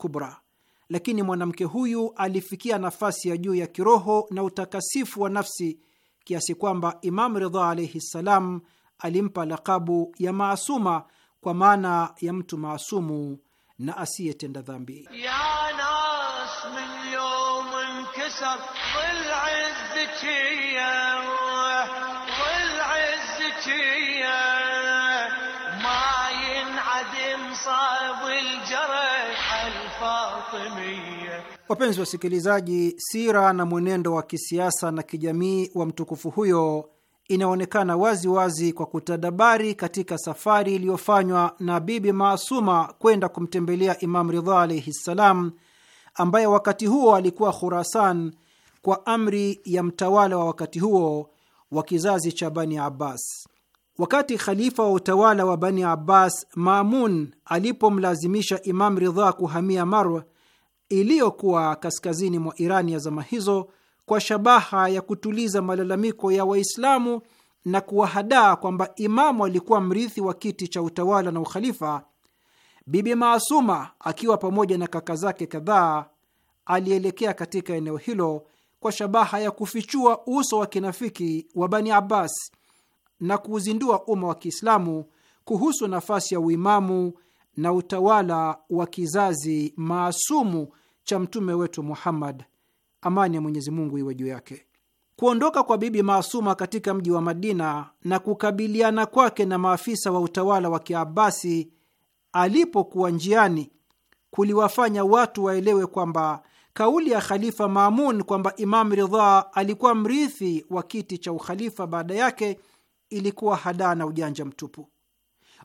lakini mwanamke huyu alifikia nafasi ya juu ya kiroho na utakasifu wa nafsi kiasi kwamba Imam Ridha alaihi ssalam alimpa lakabu ya Maasuma kwa maana ya mtu maasumu na asiyetenda dhambi. Wapenzi wasikilizaji, sira na mwenendo wa kisiasa na kijamii wa mtukufu huyo inaonekana wazi wazi kwa kutadabari katika safari iliyofanywa na Bibi Maasuma kwenda kumtembelea Imam Ridha alaihi ssalam, ambaye wakati huo alikuwa Khurasan kwa amri ya mtawala wa wakati huo wa kizazi cha Bani Abbas. Wakati khalifa wa utawala wa Bani Abbas Mamun alipomlazimisha Imam Ridha kuhamia Marwa iliyokuwa kaskazini mwa Irani ya zama hizo kwa shabaha ya kutuliza malalamiko ya Waislamu na kuwahadaa kwamba Imamu alikuwa mrithi wa kiti cha utawala na ukhalifa, Bibi Maasuma akiwa pamoja na kaka zake kadhaa alielekea katika eneo hilo kwa shabaha ya kufichua uso wa kinafiki wa Bani Abbas na kuuzindua umma wa Kiislamu kuhusu nafasi ya uimamu na utawala wa kizazi maasumu cha mtume wetu Muhammad amani ya Mwenyezi Mungu iwe juu yake. Kuondoka kwa Bibi Maasuma katika mji wa Madina na kukabiliana kwake na maafisa wa utawala wa Kiabasi alipokuwa njiani kuliwafanya watu waelewe kwamba kauli ya Khalifa Maamun kwamba Imam Ridha alikuwa mrithi wa kiti cha ukhalifa baada yake ilikuwa hadaa na ujanja mtupu,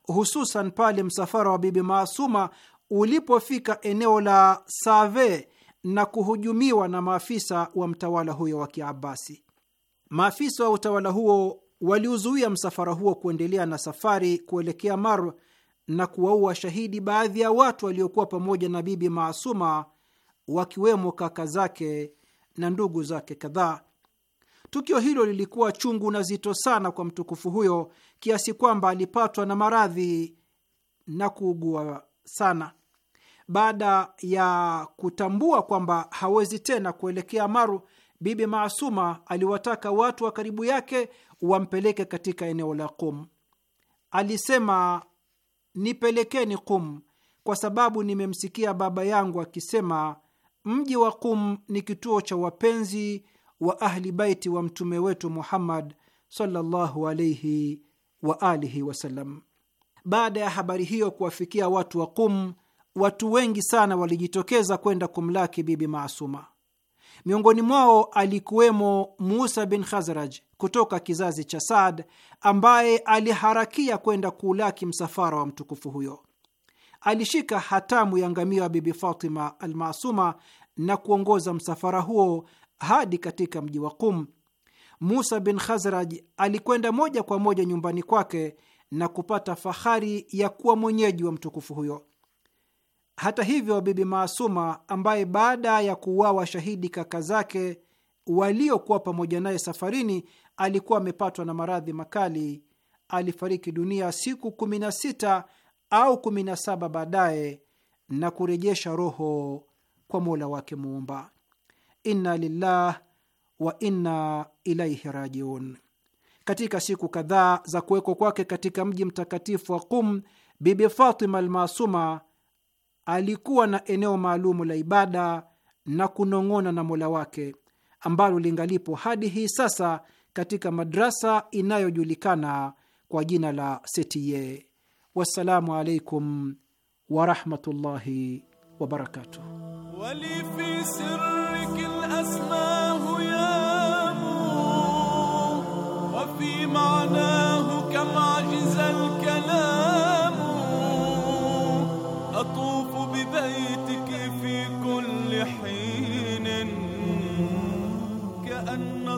hususan pale msafara wa Bibi Maasuma ulipofika eneo la Save na kuhujumiwa na maafisa wa mtawala huyo wa Kiabasi. Maafisa wa utawala huo waliuzuia msafara huo kuendelea na safari kuelekea mar na kuwaua shahidi baadhi ya watu waliokuwa pamoja na Bibi Maasuma, wakiwemo kaka zake na ndugu zake kadhaa. Tukio hilo lilikuwa chungu na zito sana kwa mtukufu huyo kiasi kwamba alipatwa na maradhi na kuugua sana. Baada ya kutambua kwamba hawezi tena kuelekea Maru, Bibi Maasuma aliwataka watu wa karibu yake wampeleke katika eneo la Qum. Alisema, nipelekeni Qum kwa sababu nimemsikia baba yangu akisema mji wa Qum ni kituo cha wapenzi wa Ahli Baiti wa mtume wetu Muhammad sallallahu alaihi wa alihi wasallam. Baada ya habari hiyo kuwafikia watu wa Qum, watu wengi sana walijitokeza kwenda kumlaki Bibi Maasuma. Miongoni mwao alikuwemo Musa bin Khazraj kutoka kizazi cha Saad ambaye aliharakia kwenda kuulaki msafara wa mtukufu huyo. Alishika hatamu ya ngamia wa Bibi Fatima Almasuma na kuongoza msafara huo hadi katika mji wa Qum. Musa bin Khazraj alikwenda moja kwa moja nyumbani kwake na kupata fahari ya kuwa mwenyeji wa mtukufu huyo. Hata hivyo, Bibi Maasuma ambaye baada ya kuuawa shahidi kaka zake waliokuwa pamoja naye safarini alikuwa amepatwa na maradhi makali, alifariki dunia siku kumi na sita au kumi na saba baadaye na kurejesha roho kwa Mola wake Muumba. Inna lillah wa inna ilaihi rajiun. Katika siku kadhaa za kuwekwa kwake katika mji mtakatifu wa Qum, Bibi Fatima Almasuma alikuwa na eneo maalumu la ibada na kunong'ona na Mola wake ambalo lingalipo hadi hii sasa katika madrasa inayojulikana kwa jina la Setiye. Wassalamu alaikum warahmatullahi wabarakatuh.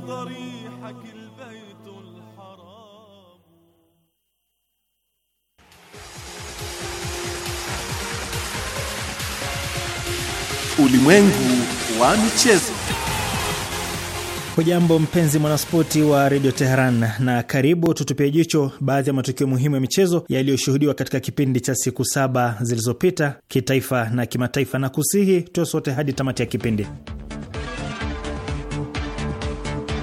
ضريحك البيت الحرام Ulimwengu wa michezo. Hujambo mpenzi mwanaspoti wa redio Teheran na karibu, tutupie jicho baadhi ya matukio muhimu ya michezo yaliyoshuhudiwa katika kipindi cha siku saba zilizopita kitaifa na kimataifa, na kusihi tuwe sote hadi tamati ya kipindi.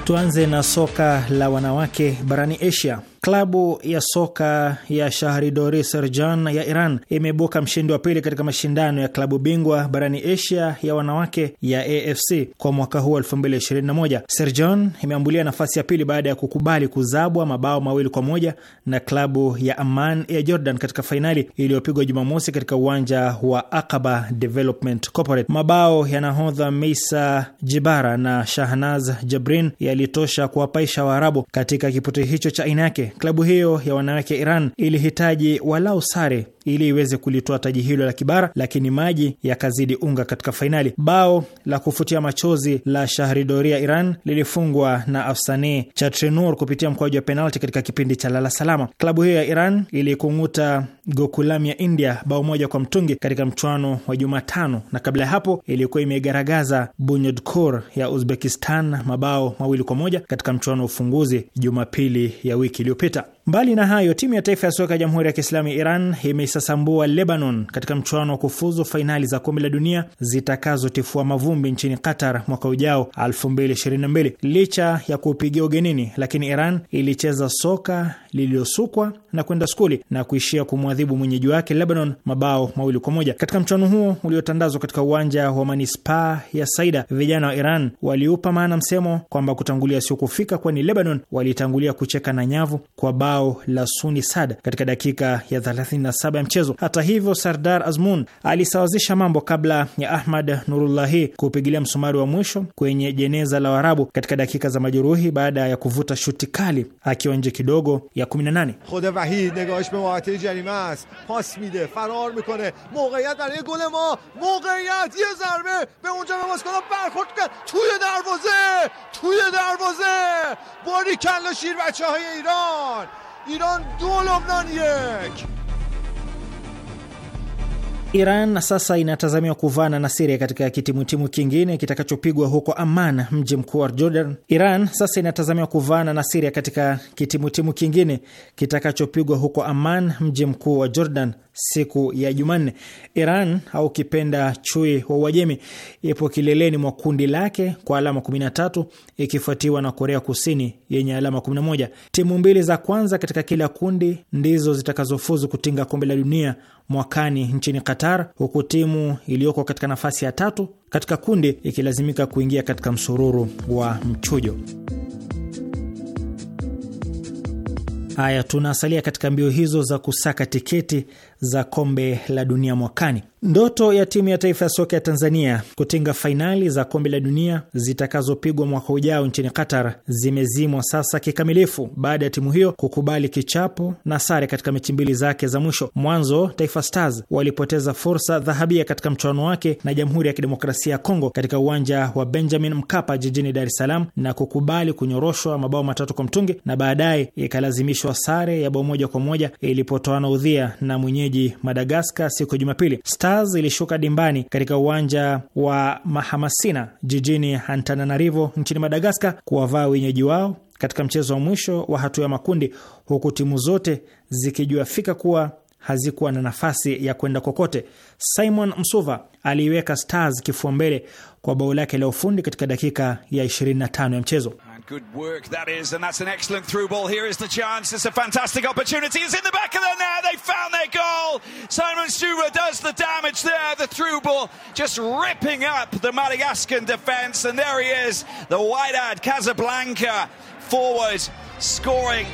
Tuanze na soka la wanawake barani Asia. Klabu ya soka ya Shahridori Serjan ya Iran imeibuka mshindi wa pili katika mashindano ya klabu bingwa barani Asia ya wanawake ya AFC kwa mwaka huu 2021. Serjan imeambulia nafasi ya pili baada ya kukubali kuzabwa mabao mawili kwa moja na klabu ya Amman ya Jordan katika fainali iliyopigwa Jumamosi katika uwanja wa Aqaba Development Corporate. Mabao ya nahodha Meisa Jibara na Shahnaz Jabrin yalitosha kuwapaisha Waarabu katika kipute hicho cha aina yake. Klabu hiyo ya wanawake ya Iran ilihitaji walau sare ili iweze kulitoa taji hilo la kibara, lakini maji yakazidi unga katika fainali. Bao la kufutia machozi la Shahridoria Iran lilifungwa na afsani Chatrenur kupitia mkoaji wa penalti katika kipindi cha lala salama. Klabu hiyo ya Iran ilikung'uta Gokulam ya India bao moja kwa mtungi katika mchuano wa Jumatano, na kabla ya hapo ilikuwa imegaragaza Bunyodkor ya Uzbekistan mabao mawili kwa moja katika mchuano wa ufunguzi Jumapili ya wiki iliyopita. Mbali na hayo, timu ya taifa ya soka ya Jamhuri ya Kiislamu ya Iran ime wataisasambua Lebanon katika mchuano wa kufuzu fainali za kombe la dunia zitakazotifua mavumbi nchini Qatar mwaka ujao 2022. Licha ya kuupigia ugenini, lakini Iran ilicheza soka lililosukwa na kwenda skuli na kuishia kumwadhibu mwenyeji wake Lebanon mabao mawili kwa moja. Katika mchuano huo uliotandazwa katika uwanja wa manispaa ya Saida, vijana wa Iran waliupa maana msemo kwamba kutangulia sio kufika, kwani Lebanon walitangulia kucheka na nyavu kwa bao la Suni katika dakika ya 37 ya mchezo. Hata hivyo, Sardar Azmun alisawazisha mambo kabla ya Ahmad Nurullahi kuupigilia msumari wa mwisho kwenye jeneza la Waarabu katika dakika za majeruhi baada ya kuvuta shuti kali akiwa nje kidogo ya 18. Khoda Vahid negash be mohate jarima ast pas mide farar mikone moqeiyat baraye gol ma moqeiyat ye zarbe be unja be baskona barkhord kad tuye darvaze tuye darvaze bari shir bachahay Iran iran دو لبنان yek Iran sasa inatazamiwa kuvana na Siria katika kitimutimu kingine kitakachopigwa huko Aman, mji mkuu wa Jordan. Iran sasa inatazamiwa kuvana na Siria katika kitimutimu kingine kitakachopigwa huko Aman, mji mkuu wa Jordan siku ya Jumanne. Iran au kipenda chui wa Uajemi ipo kileleni mwa kundi lake kwa alama 13 ikifuatiwa na Korea Kusini yenye alama 11. Timu mbili za kwanza katika kila kundi ndizo zitakazofuzu kutinga kombe la dunia mwakani nchini Qatar, huku timu iliyoko katika nafasi ya tatu katika kundi ikilazimika kuingia katika msururu wa mchujo. Haya, tunasalia katika mbio hizo za kusaka tiketi za kombe la dunia mwakani. Ndoto ya timu ya taifa ya soka ya Tanzania kutinga fainali za kombe la dunia zitakazopigwa mwaka ujao nchini Qatar zimezimwa sasa kikamilifu baada ya timu hiyo kukubali kichapo na sare katika mechi mbili zake za mwisho. Mwanzo, Taifa Stars walipoteza fursa dhahabia katika mchuano wake na Jamhuri ya Kidemokrasia ya Kongo katika uwanja wa Benjamin Mkapa jijini Dar es Salaam na kukubali kunyoroshwa mabao matatu kwa mtungi na baadaye ikalazimishwa sare ya bao moja kwa moja ilipotoana udhia na mwenyeji kienyeji Madagaskar siku ya Jumapili. Stars ilishuka dimbani katika uwanja wa Mahamasina jijini Antananarivo nchini Madagaskar kuwavaa wenyeji wao katika mchezo wa mwisho wa hatua ya makundi, huku timu zote zikijua fika kuwa hazikuwa na nafasi ya kwenda kokote. Simon Msuva aliiweka Stars kifua mbele kwa bao lake la ufundi katika dakika ya 25 ya mchezo. Good work, that is, and that's an excellent through ball. Here is the chance. It's a fantastic opportunity. It's in the back of the net. They found their goal. Simon Sura does the damage there. The through ball just ripping up the Madagascan defence. And there he is, the wide ad Casablanca forward scoring.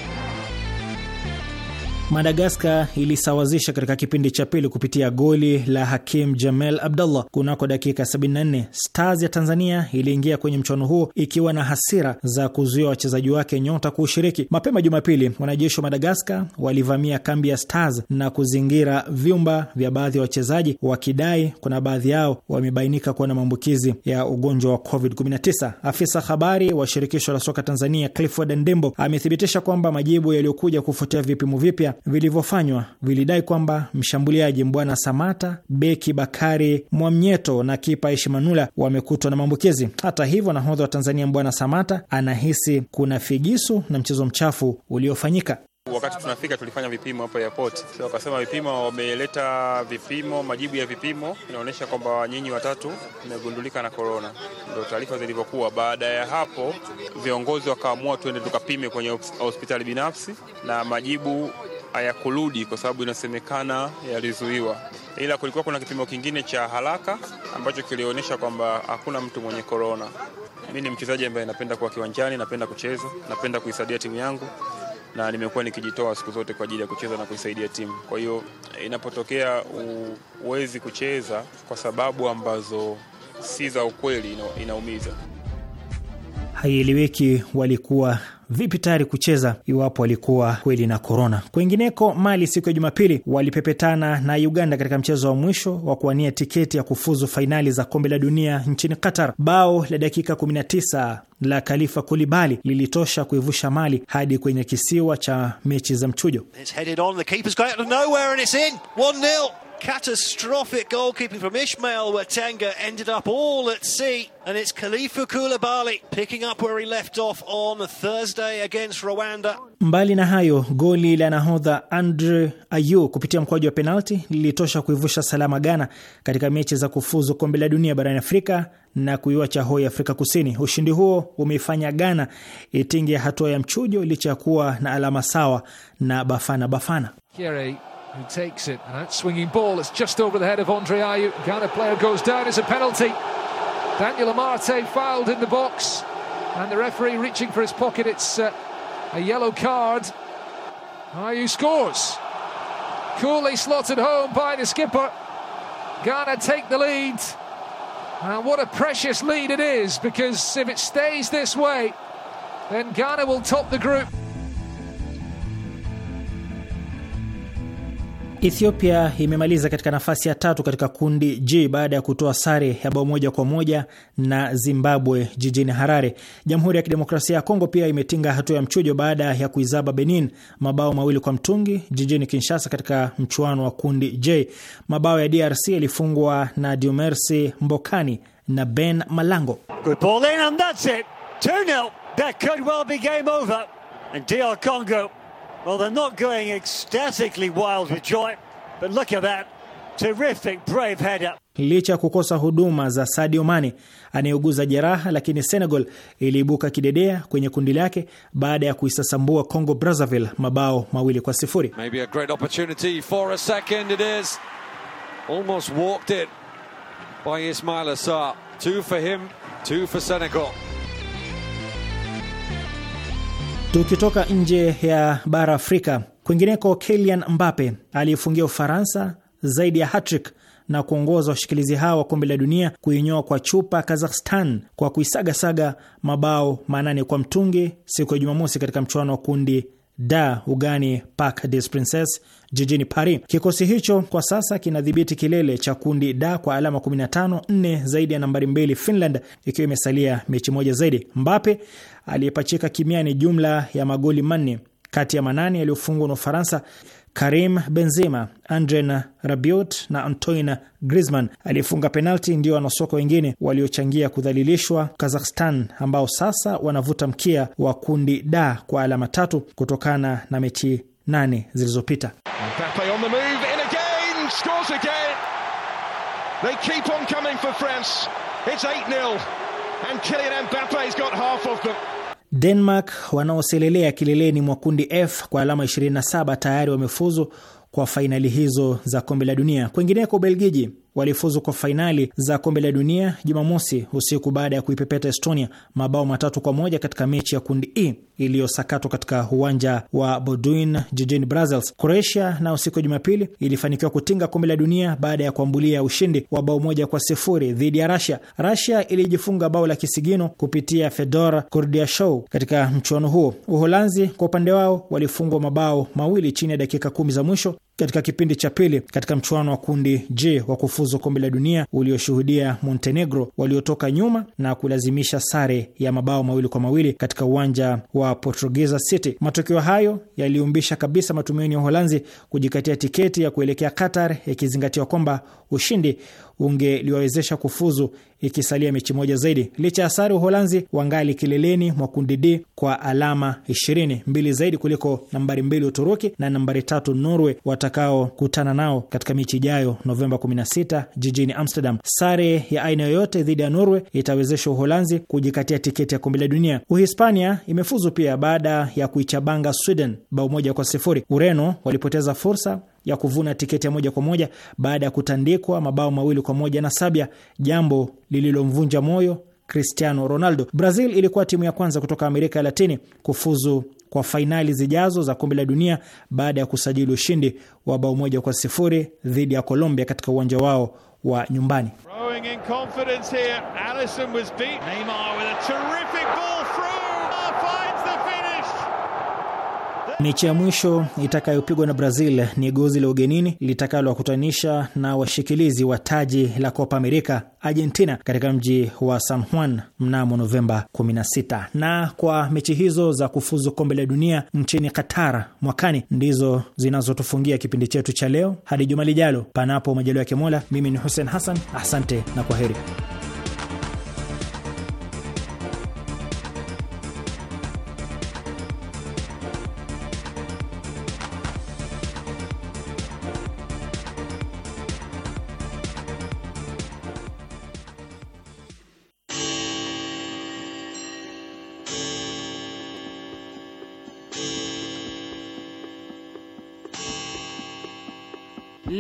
Madagaskar ilisawazisha katika kipindi cha pili kupitia goli la Hakim Jamel abdullah kunako dakika 74. Stars ya Tanzania iliingia kwenye mchuano huo ikiwa na hasira za kuzuia wachezaji wake nyota kuushiriki. Mapema Jumapili, wanajeshi wa Madagaskar walivamia kambi ya Stars na kuzingira vyumba vya baadhi ya wachezaji, wakidai kuna baadhi yao wamebainika kuwa na maambukizi ya ugonjwa wa COVID-19. Afisa habari wa shirikisho la soka Tanzania Clifford Ndembo amethibitisha kwamba majibu yaliyokuja kufuatia vipimo vipya vilivyofanywa vilidai kwamba mshambuliaji Mbwana Samata, beki Bakari Mwamnyeto na kipa ishimanula wamekutwa na maambukizi. Hata hivyo, nahodha wa Tanzania Mbwana Samata anahisi kuna figisu na mchezo mchafu uliofanyika. Wakati tunafika tulifanya vipimo hapo airport, so wakasema vipimo, wameleta vipimo, majibu ya vipimo inaonyesha kwamba nyinyi watatu mmegundulika na korona. ndo taarifa zilivyokuwa. Baada ya hapo, viongozi wakaamua tuende tukapime kwenye hospitali binafsi, na majibu hayakurudi kwa sababu inasemekana yalizuiwa, ila kulikuwa kuna kipimo kingine cha haraka ambacho kilionyesha kwamba hakuna mtu mwenye korona. Mi ni mchezaji ambaye napenda kuwa kiwanjani, napenda kucheza, napenda kuisaidia timu yangu na nimekuwa nikijitoa siku zote kwa ajili ya kucheza na kuisaidia timu. Kwa hiyo inapotokea huwezi kucheza kwa sababu ambazo si za ukweli, inaumiza. Haieleweki walikuwa vipi tayari kucheza iwapo alikuwa kweli na korona. Kwingineko, Mali siku ya Jumapili walipepetana na Uganda katika mchezo wa mwisho wa kuwania tiketi ya kufuzu fainali za kombe la dunia nchini Qatar. Bao la dakika 19 la Khalifa Kulibali lilitosha kuivusha Mali hadi kwenye kisiwa cha mechi za mchujo. Catastrophic goalkeeping from Ishmael Watenga ended up all at sea. And it's Khalifa Koulibaly picking up where he left off on Thursday against Rwanda. Mbali na hayo, goli la nahodha Andre Ayew kupitia mkwaju wa penalti lilitosha kuivusha salama Ghana katika mechi za kufuzu kombe la dunia barani Afrika na kuiwacha hoi Afrika Kusini. Ushindi huo umeifanya Ghana itinge hatua ya mchujo licha ya kuwa na alama sawa na Bafana Bafana. Kere who takes it. And that swinging ball, it's just over the head of Andre Ayew. Ghana player goes down, it's a penalty. Daniel Amarte fouled in the box. And the referee reaching for his pocket, it's uh, a yellow card. Ayew scores. Coolly slotted home by the skipper. Ghana take the lead. And what a precious lead it is because if it stays this way, then Ghana will top the group. Ethiopia imemaliza katika nafasi ya tatu katika kundi G baada ya kutoa sare ya bao moja kwa moja na Zimbabwe jijini Harare. Jamhuri ya Kidemokrasia ya Kongo pia imetinga hatua ya mchujo baada ya kuizaba Benin mabao mawili kwa mtungi jijini Kinshasa katika mchuano wa kundi J. Mabao ya DRC yalifungwa na Dumersi Mbokani na Ben Malango. Good ball in and that's it. 2-0. That could well be game over. And DR Congo Well, they're not going ecstatically wild with joy, but look at that. Terrific brave header. Licha ya kukosa huduma za Sadio Mane anayeuguza jeraha, lakini Senegal iliibuka kidedea kwenye kundi lake baada ya kuisasambua Congo Brazzaville mabao mawili kwa sifuri. Maybe a great opportunity for a second it is. Almost walked it by Ismail Assar. Two for him, two for Senegal. Tukitoka nje ya bara Afrika, kwingineko, Kylian Mbappe aliyefungia Ufaransa zaidi ya hatrick na kuongoza washikilizi hao wa kombe la dunia kuinyoa kwa chupa Kazakhstan kwa kuisagasaga mabao manane kwa mtungi siku ya Jumamosi katika mchuano wa kundi da ugani Parc des Princes jijini Paris. Kikosi hicho kwa sasa kinadhibiti kilele cha kundi da kwa alama 15, nne zaidi ya nambari mbili Finland, ikiwa imesalia mechi moja zaidi. Mbape aliyepachika kimiani jumla ya magoli manne kati ya manane yaliyofungwa na Ufaransa Karim Benzema, andrena Rabiot na Antoine Griezmann aliyefunga penalti ndio wanasoka wengine waliochangia kudhalilishwa Kazakhstan, ambao sasa wanavuta mkia wa kundi da kwa alama tatu kutokana na mechi nane zilizopita. Denmark wanaoselelea kileleni mwa kundi F kwa alama 27 tayari wamefuzu kwa fainali hizo za kombe la dunia. Kwingineko, Ubelgiji walifuzu kwa fainali za kombe la dunia Jumamosi usiku baada ya kuipepeta Estonia mabao matatu kwa moja katika mechi ya kundi E iliyosakatwa katika uwanja wa bodwin jijini Brussels. Croatia na usiku wa Jumapili ilifanikiwa kutinga kombe la dunia baada ya kuambulia ushindi wa bao moja kwa sifuri dhidi ya Rasia. Rasia ilijifunga bao la kisigino kupitia Fedor Kurdiashow katika mchuano huo. Uholanzi kwa upande wao walifungwa mabao mawili chini ya dakika kumi za mwisho katika kipindi cha pili katika mchuano wa kundi J wa kufuzu kombe la dunia ulioshuhudia Montenegro waliotoka nyuma na kulazimisha sare ya mabao mawili kwa mawili katika uwanja wa Portuguesa City. Matokeo hayo yaliumbisha kabisa matumaini ya Uholanzi kujikatia tiketi ya kuelekea Qatar, yakizingatiwa kwamba ushindi ungeliwawezesha kufuzu ikisalia mechi moja zaidi. Licha ya sare, Uholanzi wangali kileleni mwa kundi D kwa alama 20, mbili zaidi kuliko nambari mbili Uturuki na nambari tatu Norway wata watakaokutana nao katika mechi ijayo Novemba 16 jijini Amsterdam. Sare ya aina yoyote dhidi ya Norway itawezesha Uholanzi kujikatia tiketi ya kombe la dunia. Uhispania imefuzu pia baada ya kuichabanga Sweden bao moja kwa sifuri. Ureno walipoteza fursa ya kuvuna tiketi ya moja kwa moja baada ya kutandikwa mabao mawili kwa moja na Sabia, jambo lililomvunja moyo Cristiano Ronaldo. Brazil ilikuwa timu ya kwanza kutoka Amerika ya Latini kufuzu kwa fainali zijazo za kombe la dunia baada ya kusajili ushindi wa bao moja kwa sifuri dhidi ya Colombia katika uwanja wao wa nyumbani. Mechi ya mwisho itakayopigwa na Brazil ni gozi la ugenini litakalowakutanisha na washikilizi wa taji la Copa America, Argentina, katika mji wa San Juan mnamo Novemba 16. Na kwa mechi hizo za kufuzu kombe la dunia nchini Qatar mwakani ndizo zinazotufungia kipindi chetu cha leo hadi juma lijalo, panapo majaliwa ya Mola. Mimi ni Hussein Hassan, asante na kwa heri.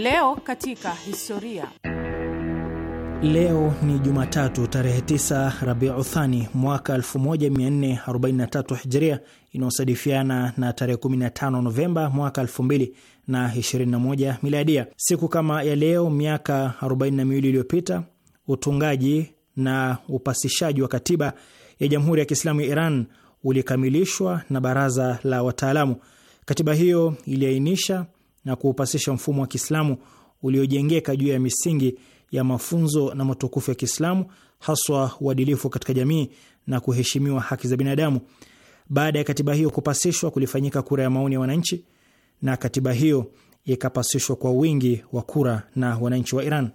Leo katika historia. Leo ni Jumatatu tarehe 9 Rabiu Thani mwaka 1443 Hijria, inayosadifiana na tarehe 15 Novemba mwaka 2021 Miladia. Siku kama ya leo miaka 42 iliyopita utungaji na upasishaji wa katiba ya Jamhuri ya Kiislamu ya Iran ulikamilishwa na baraza la wataalamu. Katiba hiyo iliainisha na kuupasisha mfumo wa Kiislamu uliojengeka juu ya misingi ya mafunzo na matukufu ya Kiislamu, haswa uadilifu katika jamii na kuheshimiwa haki za binadamu. Baada ya katiba hiyo kupasishwa, kulifanyika kura ya maoni ya wananchi na katiba hiyo ikapasishwa kwa wingi wa kura na wananchi wa Iran.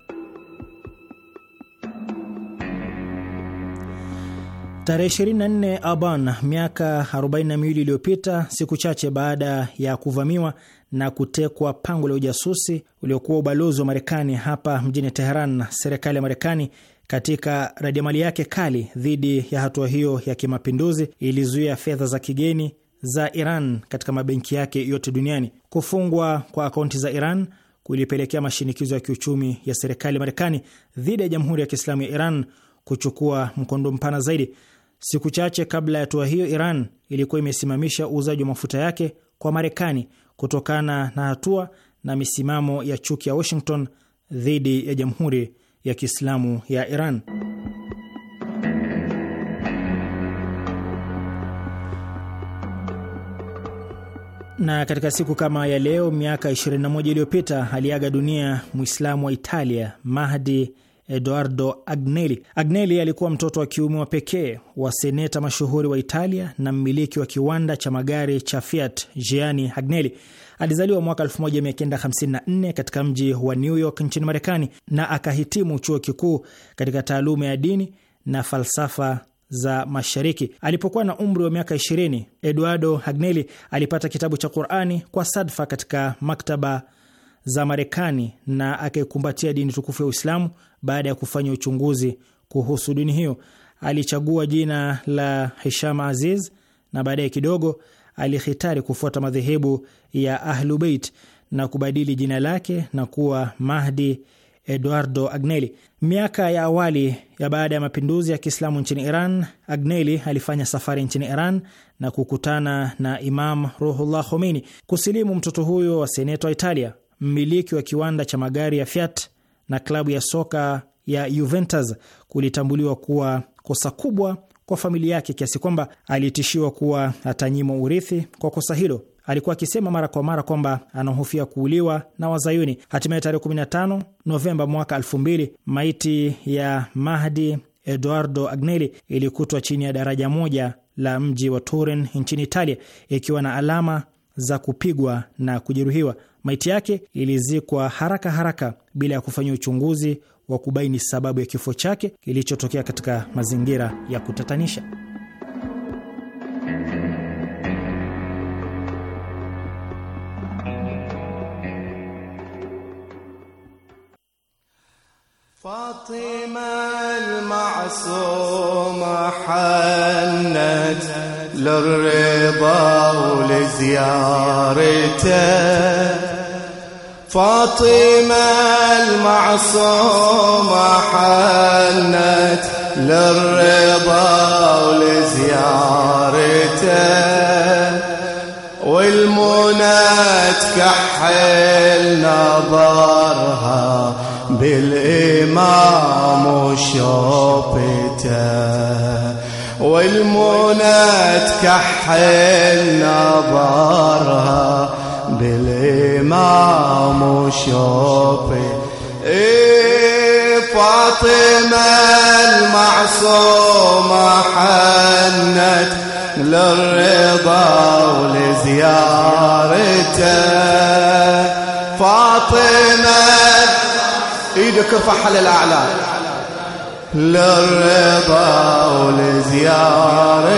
Tarehe 24 Aban miaka 42 iliyopita, siku chache baada ya kuvamiwa na kutekwa pango la ujasusi uliokuwa ubalozi wa Marekani hapa mjini Teheran. Serikali ya Marekani katika radiamali yake kali dhidi ya hatua hiyo ya kimapinduzi ilizuia fedha za kigeni za Iran katika mabenki yake yote duniani. Kufungwa kwa akaunti za Iran kulipelekea mashinikizo ya kiuchumi ya serikali ya Marekani dhidi ya Jamhuri ya Kiislamu ya Iran kuchukua mkondo mpana zaidi. Siku chache kabla ya hatua hiyo, Iran ilikuwa imesimamisha uuzaji wa mafuta yake kwa Marekani kutokana na hatua na misimamo ya chuki ya Washington dhidi ya Jamhuri ya Kiislamu ya Iran. Na katika siku kama ya leo miaka 21 iliyopita aliaga dunia Muislamu wa Italia Mahdi Eduardo Agnelli. Agnelli alikuwa mtoto wa kiume wa pekee wa seneta mashuhuri wa Italia na mmiliki wa kiwanda cha magari cha Fiat, Gianni Agnelli. Alizaliwa mwaka 1954 katika mji wa New York nchini Marekani na akahitimu chuo kikuu katika taaluma ya dini na falsafa za Mashariki. Alipokuwa na umri wa miaka 20, Eduardo Agnelli alipata kitabu cha Qurani kwa sadfa katika maktaba za Marekani na akaikumbatia dini tukufu ya Uislamu baada ya kufanya uchunguzi kuhusu dini hiyo. Alichagua jina la Hisham Aziz na baadaye kidogo alihitari kufuata madhehebu ya ahlubeit na kubadili jina lake na kuwa Mahdi Eduardo Agnelli. Miaka ya awali ya baada ya mapinduzi ya Kiislamu nchini Iran, Agnelli alifanya safari nchini Iran na kukutana na Imam Ruhullah Khomeini. Kusilimu mtoto huyo wa seneta wa Italia mmiliki wa kiwanda cha magari ya Fiat na klabu ya soka ya Juventus kulitambuliwa kuwa kosa kubwa kwa familia yake kiasi kwamba alitishiwa kuwa atanyimwa urithi kwa kosa hilo. Alikuwa akisema mara kwa mara kwamba anahofia kuuliwa na Wazayuni. Hatimaye tarehe 15 Novemba mwaka 2000 maiti ya Mahdi Eduardo Agnelli ilikutwa chini ya daraja moja la mji wa Turin nchini Italia, ikiwa na alama za kupigwa na kujeruhiwa. Maiti yake ilizikwa haraka haraka bila ya kufanyia uchunguzi wa kubaini sababu ya kifo chake kilichotokea katika mazingira ya kutatanisha. Fatima al-Ma'suma hannat lirida wa فاطمة المعصومة حنت للرضا ولزيارته والمنى تكحل نظرها بالإمام وشوفته والمنى تكحل نظرها بالإمام إمام وشوفي اي فاطمة المعصومة حنت للرضا ولزيارته فاطمة ايدك ارفعها للاعلى للرضا ولزيارته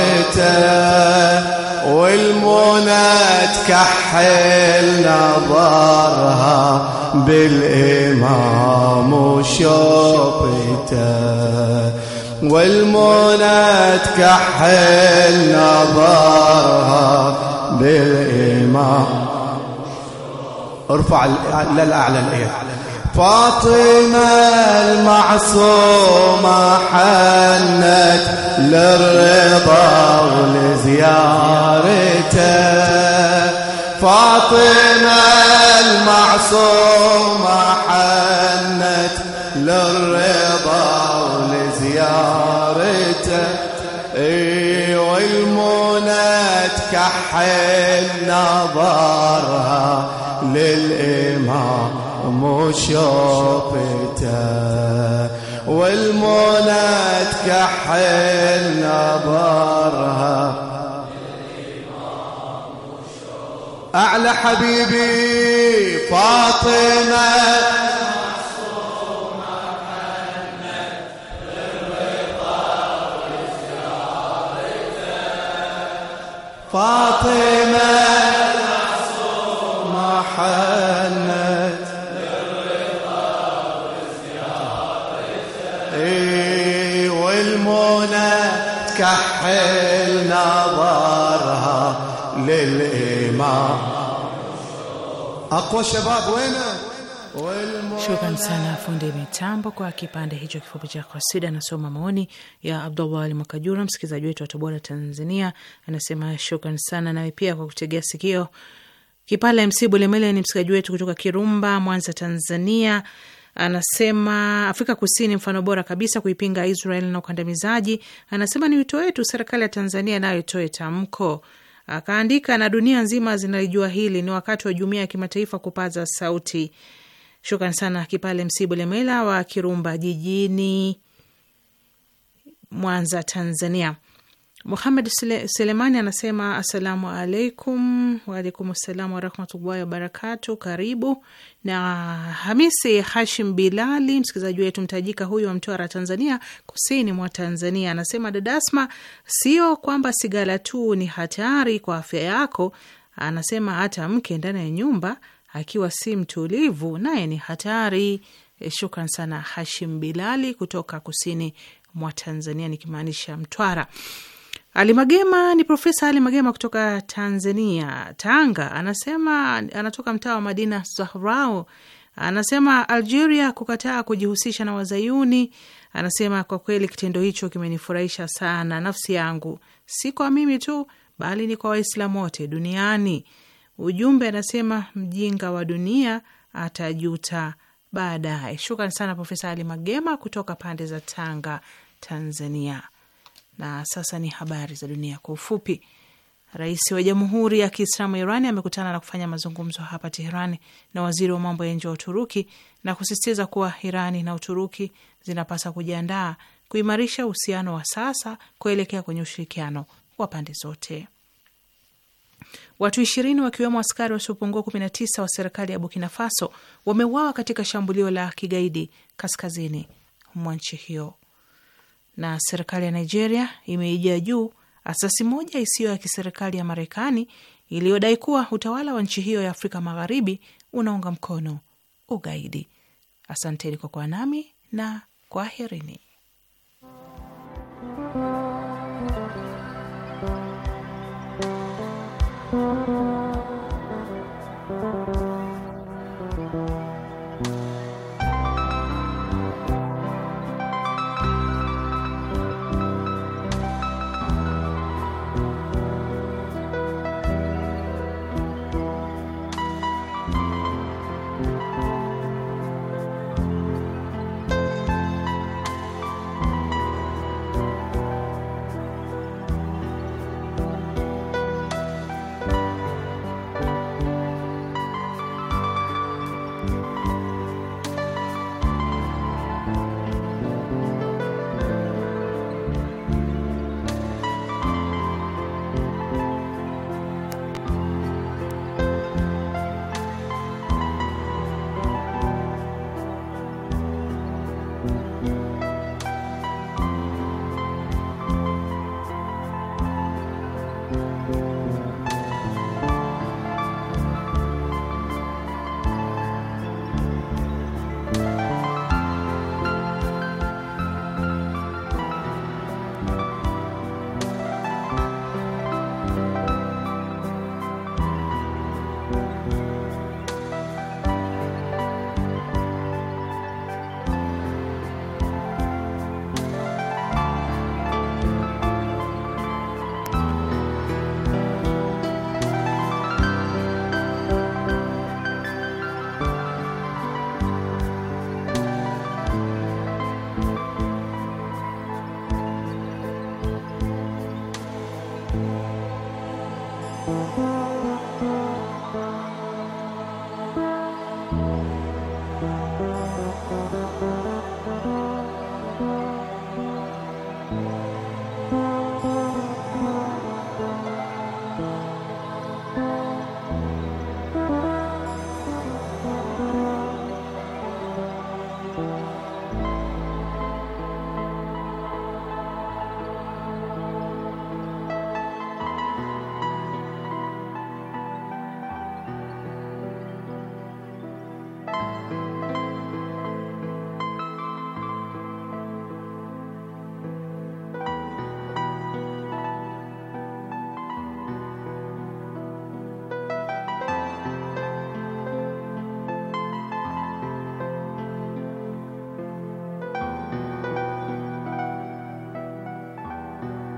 والمنى تكحل نظرها بالإمام وشوقته والمنى تكحل نظرها بالإمام ارفع للأعلى الإيه فاطمة المعصومة حنت للرضا ولزيارته فاطمة المعصومة حنت للرضا ولزيارته اي إيوه، والمنى تكحل نظرها للإمام مو شوفته والمولى تكحل نظرها أعلى حبيبي فاطمة حيل نظرها للإمام أقوى شباب وينه Shukran sana fundi mitambo kwa kipande hicho kifupi cha kasida. Anasoma maoni ya Abdullah Ali Makajura, msikilizaji wetu wa Tabora, Tanzania. Anasema shukran sana nawe pia kwa kutegea sikio. Kipala MC Bulemele ni msikilizaji wetu kutoka Kirumba, Mwanza, Tanzania. Anasema Afrika Kusini mfano bora kabisa kuipinga Israel na ukandamizaji. Anasema ni wito wetu serikali ya Tanzania nayo itoe tamko. Akaandika, na dunia nzima zinalijua hili, ni wakati wa jumuiya ya kimataifa kupaza sauti. Shukran sana Kipale Msibu Lemela wa Kirumba jijini Mwanza, Tanzania. Muhamed Selemani anasema asalamu alaikum. Waalaikum assalam warahmatullahi wabarakatu. Karibu na Hamisi Hashim Bilali, msikilizaji wetu mtajika huyu wa Mtwara, Tanzania, kusini mwa Tanzania, anasema dada Asma, sio kwamba sigara tu ni hatari kwa afya yako. Anasema hata mke ndani ya nyumba akiwa si mtulivu, naye ni hatari. E, shukran sana Hashim Bilali kutoka kusini mwa Tanzania, nikimaanisha Mtwara. Ali Magema ni Profesa Ali Magema kutoka Tanzania, Tanga. Anasema anatoka mtaa wa Madina Zahrau. Anasema Algeria kukataa kujihusisha na Wazayuni. Anasema kwa kweli kitendo hicho kimenifurahisha sana nafsi yangu, si kwa mimi tu, bali ni kwa Waislamu wote duniani. Ujumbe anasema mjinga wa dunia atajuta baadaye. Shukran sana Profesa Ali Magema kutoka pande za Tanga, Tanzania. Na sasa ni habari za dunia kwa ufupi. Rais wa Jamhuri ya Kiislamu Irani amekutana na kufanya mazungumzo hapa Teherani na waziri wa mambo ya nje wa Uturuki na kusisitiza kuwa Irani na Uturuki zinapaswa kujiandaa kuimarisha uhusiano wa sasa kuelekea kwenye ushirikiano wa pande zote. Watu ishirini wakiwemo askari wasiopungua kumi na tisa wa serikali ya Burkina Faso wameuawa katika shambulio la kigaidi kaskazini mwa nchi hiyo na serikali ya Nigeria imeijia juu asasi moja isiyo ya kiserikali ya Marekani iliyodai kuwa utawala wa nchi hiyo ya Afrika Magharibi unaunga mkono ugaidi. Asanteni kwa kuwa nami na kwaherini.